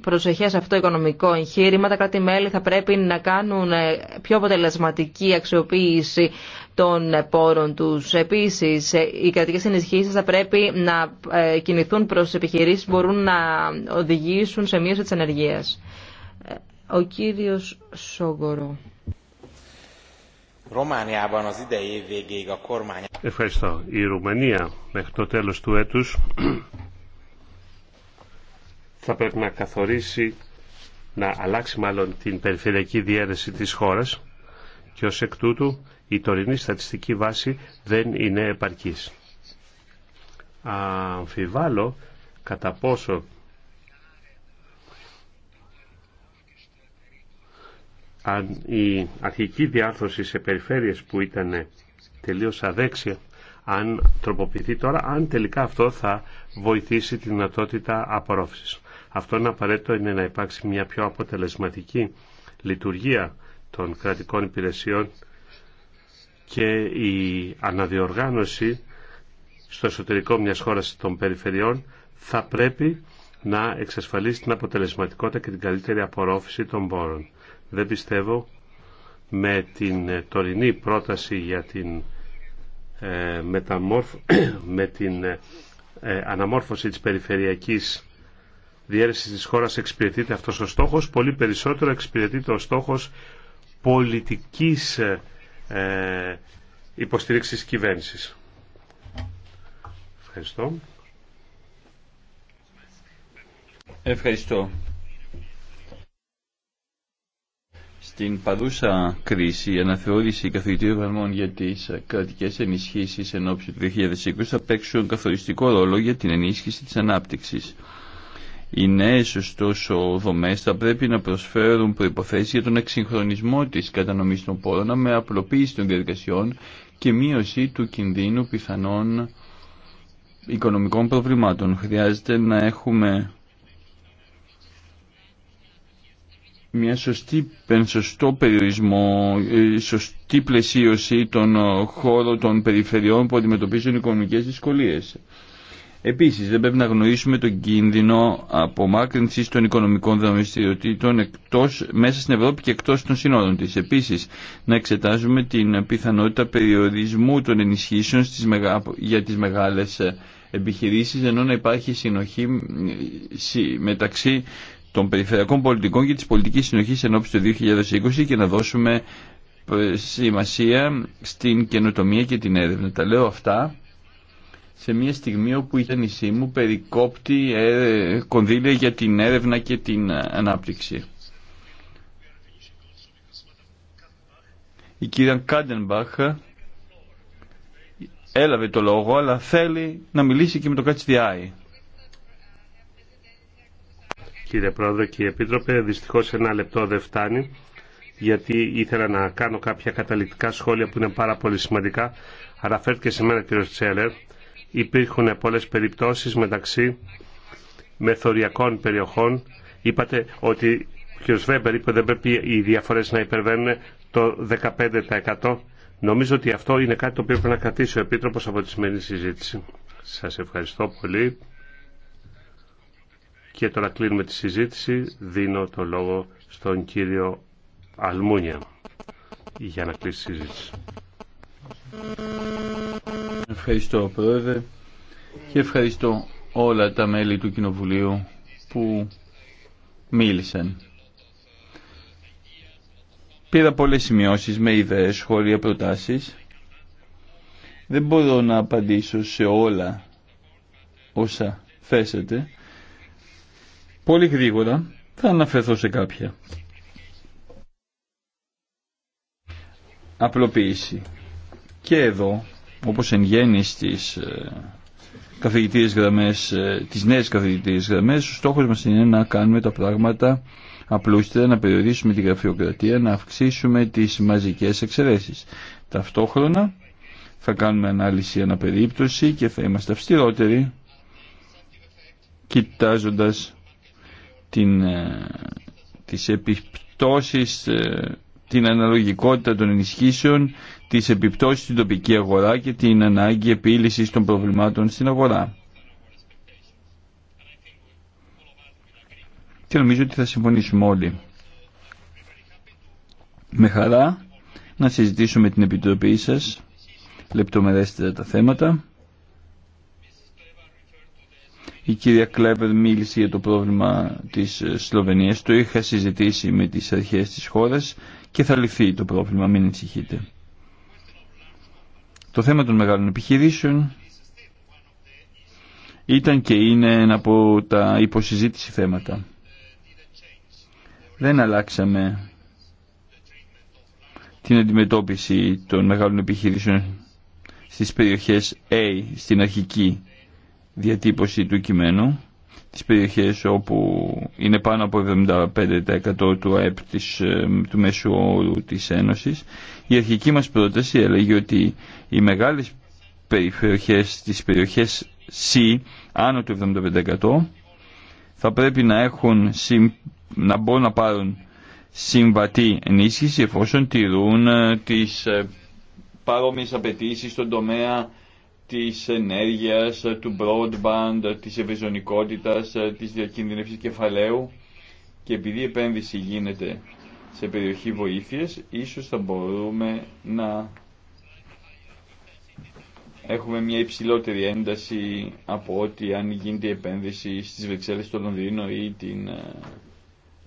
προσεχές αυτό οικονομικό εγχείρημα τα κράτη-μέλη θα πρέπει να κάνουν ε, πιο αποτελεσματική αξιοποίηση των πόρων τους. Επίσης, οι κρατικέ ενισχύσει θα πρέπει να κινηθούν προς επιχειρήσεις που μπορούν να οδηγήσουν σε μείωση τη ενεργεία. Ο κύριος Σόγκορο. Ευχαριστώ. Η Ρουμανία μέχρι το τέλος του έτους θα πρέπει να καθορίσει, να αλλάξει μάλλον την περιφερειακή διέρεση της χώρας και ως εκ τούτου η τωρινή στατιστική βάση δεν είναι επαρκής. Αμφιβάλλω κατά πόσο αν η αρχική διάρθρωση σε περιφέρειες που ήταν τελείως αδέξια, αν τροποποιηθεί τώρα, αν τελικά αυτό θα βοηθήσει τη δυνατότητα απορρόφησης. Αυτό είναι απαραίτητο είναι να υπάρξει μια πιο αποτελεσματική λειτουργία των κρατικών υπηρεσιών και η αναδιοργάνωση στο εσωτερικό μιας χώρας των περιφερειών θα πρέπει να εξασφαλίσει την αποτελεσματικότητα και την καλύτερη απορρόφηση των πόρων. Δεν πιστεύω με την ε, τωρινή πρόταση για την, ε, μεταμόρφ... με την ε, ε, αναμόρφωση της περιφερειακής διέρεσης της χώρας εξυπηρετείται αυτός ο στόχος. Πολύ περισσότερο εξυπηρετείται ο στόχος πολιτικής ε, υποστήριξης κυβέρνησης. Ευχαριστώ. Ευχαριστώ. Στην παρούσα κρίση, η αναθεώρηση καθηγητή γραμμών για τι κρατικέ ενισχύσει εν ώψη του 2020 θα παίξουν καθοριστικό ρόλο για την ενίσχυση τη ανάπτυξη. Οι νέε, ωστόσο, δομέ θα πρέπει να προσφέρουν προποθέσει για τον εξυγχρονισμό τη κατανομή των πόρων με απλοποίηση των διαδικασιών και μείωση του κινδύνου πιθανών οικονομικών προβλημάτων. Χρειάζεται να έχουμε μια σωστή, σωστό περιορισμό, ε, σωστή πλαισίωση των ε, χώρων των περιφερειών που αντιμετωπίζουν οικονομικές δυσκολίες. Επίσης, δεν πρέπει να γνωρίσουμε τον κίνδυνο απομάκρυνσης των οικονομικών δραστηριοτήτων εκτός, μέσα στην Ευρώπη και εκτός των συνόρων της. Επίσης, να εξετάζουμε την πιθανότητα περιορισμού των ενισχύσεων στις, για τις μεγάλες ε, επιχειρήσεις, ενώ να υπάρχει συνοχή μεταξύ των περιφερειακών πολιτικών και της πολιτικής συνοχής ενώπιση του 2020 και να δώσουμε ε, σημασία στην καινοτομία και την έρευνα. Τα λέω αυτά σε μια στιγμή όπου η νησί μου περικόπτει ε, κονδύλια για την έρευνα και την ε, ανάπτυξη. Η κυρία Κάντενμπαχ έλαβε το λόγο αλλά θέλει να μιλήσει και με το κατσιδιάι κύριε Πρόεδρε, κύριε Επίτροπε. δυστυχώ ένα λεπτό δεν φτάνει γιατί ήθελα να κάνω κάποια καταληκτικά σχόλια που είναι πάρα πολύ σημαντικά. Αναφέρθηκε σε μένα, κύριο Τσέλερ. Υπήρχαν πολλέ περιπτώσει μεταξύ μεθοριακών περιοχών. Είπατε ότι ο κ. Βέμπερ είπε ότι δεν πρέπει οι διαφορέ να υπερβαίνουν το 15%. Νομίζω ότι αυτό είναι κάτι το οποίο πρέπει να κρατήσει ο Επίτροπος από τη σημερινή συζήτηση. Σα ευχαριστώ πολύ. Και τώρα κλείνουμε τη συζήτηση. Δίνω το λόγο στον κύριο Αλμούνια για να κλείσει τη συζήτηση. Ευχαριστώ Πρόεδρε και ευχαριστώ όλα τα μέλη του Κοινοβουλίου που μίλησαν. Πήρα πολλές σημειώσεις με ιδέες, σχόλια, προτάσεις. Δεν μπορώ να απαντήσω σε όλα όσα θέσατε. Πολύ γρήγορα θα αναφερθώ σε κάποια. Απλοποίηση. Και εδώ, όπως εν γέννη στις ε, καθηγητήριες γραμμές, ε, τις νέες καθηγητήριες γραμμές, ο στόχος μας είναι να κάνουμε τα πράγματα απλούστερα, να περιορίσουμε τη γραφειοκρατία, να αυξήσουμε τις μαζικές εξαιρέσεις. Ταυτόχρονα θα κάνουμε ανάλυση αναπερίπτωση και θα είμαστε αυστηρότεροι, κοιτάζοντας την, ε, τις επιπτώσεις, ε, την αναλογικότητα των ενισχύσεων, τις επιπτώσεις στην τοπική αγορά και την ανάγκη επίλυσης των προβλημάτων στην αγορά. Και νομίζω ότι θα συμφωνήσουμε όλοι. Με χαρά να συζητήσουμε την Επιτροπή σας λεπτομερέστερα τα θέματα. Η κυρία Κλέβερ μίλησε για το πρόβλημα της ε, Σλοβενίας. Το είχα συζητήσει με τις αρχές της χώρας και θα λυθεί το πρόβλημα, μην ανησυχείτε. Το θέμα των μεγάλων επιχειρήσεων ήταν και είναι ένα από τα υποσυζήτηση θέματα. Δεν αλλάξαμε την αντιμετώπιση των μεγάλων επιχειρήσεων στις περιοχές A, στην αρχική διατύπωση του κειμένου τις περιοχές όπου είναι πάνω από 75% του ΑΕΠ της, ε, του μέσου όρου της Ένωσης. Η αρχική μας πρόταση έλεγε ότι οι μεγάλες περιοχές, τις περιοχές C, άνω του 75%, θα πρέπει να, έχουν, να μπορούν να πάρουν συμβατή ενίσχυση εφόσον τηρούν ε, τις ε, παρόμοιες απαιτήσεις στον τομέα της ενέργειας, του broadband, της ευρυζωνικότητας, της διακίνδυνευσης κεφαλαίου και επειδή η επένδυση γίνεται σε περιοχή βοήθειας, ίσως θα μπορούμε να έχουμε μια υψηλότερη ένταση από ότι αν γίνεται η επένδυση στις Βεξέλλες, στο Λονδίνο ή την, ε,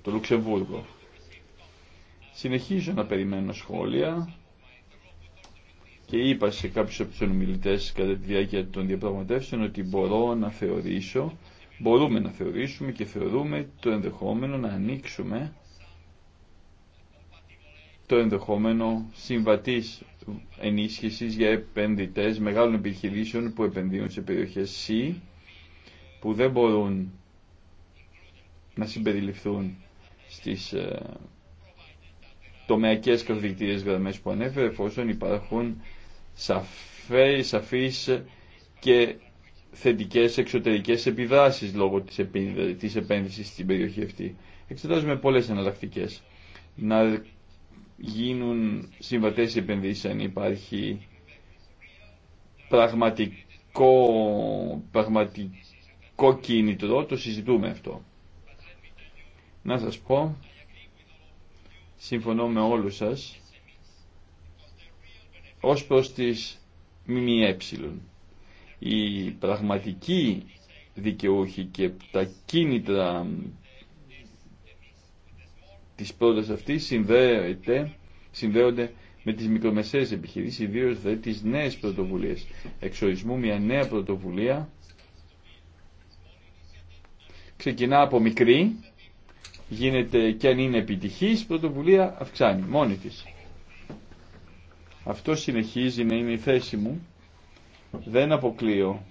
το Λουξεμβούργο. Συνεχίζω να περιμένω σχόλια και είπα σε κάποιους από τους ομιλητές κατά τη διάρκεια των διαπραγματεύσεων ότι μπορώ να θεωρήσω, μπορούμε να θεωρήσουμε και θεωρούμε το ενδεχόμενο να ανοίξουμε το ενδεχόμενο συμβατής ενίσχυσης για επενδυτές μεγάλων επιχειρήσεων που επενδύουν σε περιοχές C που δεν μπορούν να συμπεριληφθούν στις ε, τομεακές καθοδικτήριες γραμμές που ανέφερε εφόσον υπάρχουν σαφές σαφείς και θετικές εξωτερικές επιδράσεις λόγω της, επένδυση της επένδυσης στην περιοχή αυτή. Εξετάζουμε πολλές εναλλακτικέ. Να γίνουν συμβατές επενδύσεις αν υπάρχει πραγματικό, πραγματικό κίνητρο, το συζητούμε αυτό. Να σας πω, συμφωνώ με όλους σας, ως προς τις ΜΜΕ. Η πραγματική δικαιούχοι και τα κίνητρα της πρότασης αυτής συνδέονται, συνδέονται με τις μικρομεσαίες επιχειρήσεις, ιδίως δε τις νέες πρωτοβουλίες. Εξορισμού μια νέα πρωτοβουλία ξεκινά από μικρή, γίνεται και αν είναι επιτυχής, πρωτοβουλία αυξάνει μόνη της. Αυτό συνεχίζει να είναι η θέση μου. Δεν αποκλείω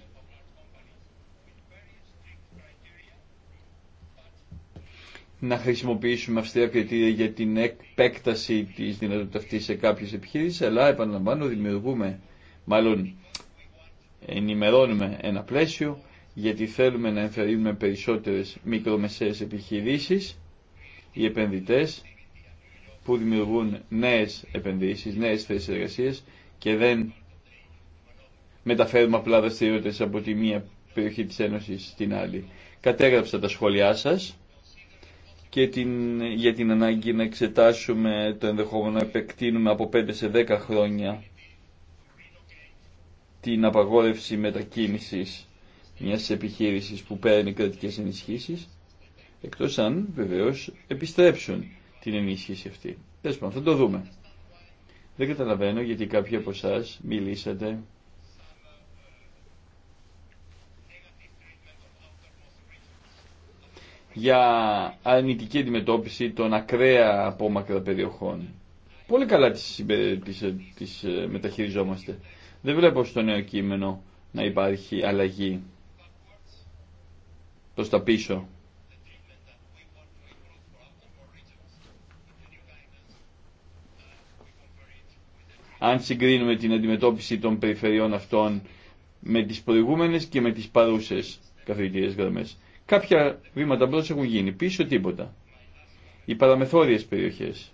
να χρησιμοποιήσουμε αυστηρά κριτήρια για την επέκταση της δυνατότητας αυτής σε κάποιες επιχειρήσεις, αλλά επαναλαμβάνω δημιουργούμε, μάλλον ενημερώνουμε ένα πλαίσιο, γιατί θέλουμε να εμφανίσουμε περισσότερες μικρομεσαίες επιχειρήσεις, οι επενδυτές, που δημιουργούν νέες επενδύσεις, νέες θέσεις εργασία και δεν μεταφέρουμε απλά δραστηριότητε από τη μία περιοχή της Ένωσης στην άλλη. Κατέγραψα τα σχόλιά σας και την, για την ανάγκη να εξετάσουμε το ενδεχόμενο να επεκτείνουμε από 5 σε 10 χρόνια την απαγόρευση μετακίνησης μιας επιχείρησης που παίρνει κρατικές ενισχύσεις εκτός αν βεβαίως επιστρέψουν την ενίσχυση αυτή. Δες πάντων, θα το δούμε. Δεν καταλαβαίνω γιατί κάποιοι από εσά μιλήσατε για αρνητική αντιμετώπιση των ακραία απόμακρα περιοχών. Πολύ καλά τις, τις, ε, τις ε, μεταχειριζόμαστε. Δεν βλέπω στο νέο κείμενο να υπάρχει αλλαγή προς τα πίσω. αν συγκρίνουμε την αντιμετώπιση των περιφερειών αυτών με τις προηγούμενες και με τις παρούσες καθοδικές γραμμές. Κάποια βήματα μπρος έχουν γίνει, πίσω τίποτα. Οι παραμεθόριες περιοχές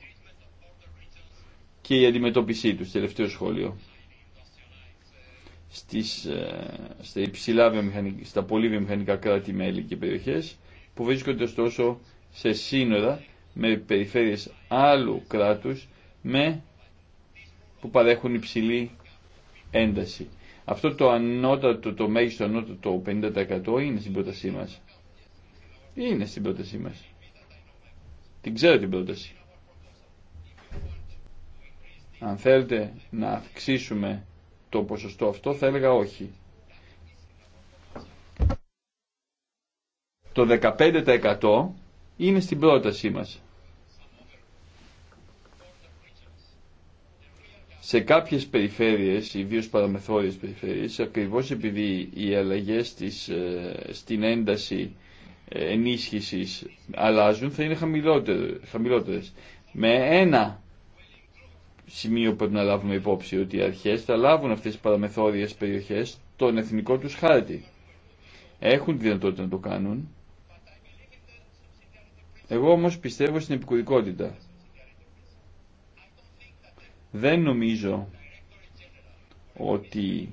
και η αντιμετώπιση τους, τελευταίο σχόλιο. Στις, ε, στα, υψηλά στα πολύ βιομηχανικά κράτη-μέλη και περιοχές που βρίσκονται ωστόσο σε σύνορα με περιφέρειες άλλου κράτους με που παρέχουν υψηλή ένταση. Αυτό το ανώτατο, το μέγιστο ανώτατο 50% είναι στην πρότασή μας. Είναι στην πρότασή μας. Την ξέρω την πρόταση. Αν θέλετε να αυξήσουμε το ποσοστό αυτό θα έλεγα όχι. Το 15% είναι στην πρότασή μας. Σε κάποιες περιφέρειες, ιδίως παραμεθόριες περιφέρειες, ακριβώς επειδή οι αλλαγές της, ε, στην ένταση ε, ενίσχυσης αλλάζουν, θα είναι χαμηλότερες. Με ένα σημείο που πρέπει να λάβουμε υπόψη, ότι οι αρχές θα λάβουν αυτές τις παραμεθόριες περιοχές τον εθνικό τους χάρτη. Έχουν τη δυνατότητα να το κάνουν. Εγώ όμως πιστεύω στην επικουρικότητα. Δεν νομίζω ότι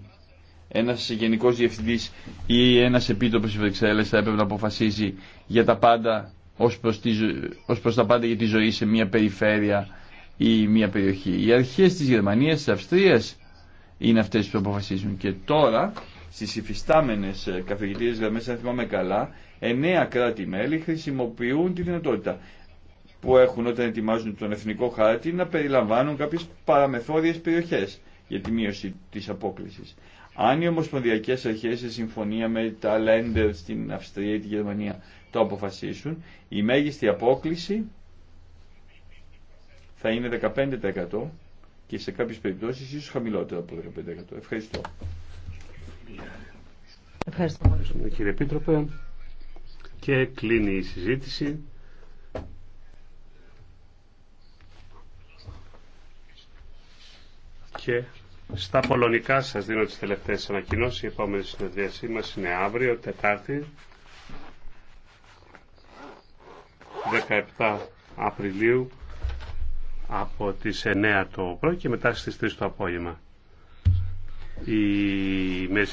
ένας γενικός διευθυντής ή ένας επίτροπος Βρυξέλλες θα έπρεπε να αποφασίζει για τα πάντα ως προς, ως προς τα πάντα για τη ζωή σε μια περιφέρεια ή μια περιοχή. Οι αρχές της Γερμανίας, της Αυστρίας είναι αυτές που αποφασίζουν. Και τώρα στις υφιστάμενες ε, καθηγητήρες γραμμές, αν θυμάμαι καλά, εννέα κράτη-μέλη χρησιμοποιούν τη δυνατότητα που έχουν όταν ετοιμάζουν τον εθνικό χάρτη να περιλαμβάνουν κάποιες παραμεθόδιες περιοχές για τη μείωση της απόκλησης. Αν οι ομοσπονδιακές αρχές σε συμφωνία με τα Λέντερ στην Αυστρία ή τη Γερμανία το αποφασίσουν, η μέγιστη απόκληση θα είναι 15% και σε κάποιες περιπτώσεις ίσως χαμηλότερα από 15%. Ευχαριστώ. Ευχαριστώ Κύριε Επίτροπε, και κλείνει η συζήτηση. Και στα πολωνικά σας δίνω τις τελευταίες ανακοινώσεις. Η επόμενη συνεδρίασή μας είναι αύριο, Τετάρτη, 17 Απριλίου, από τις 9 το πρωί και μετά στις 3 το απόγευμα.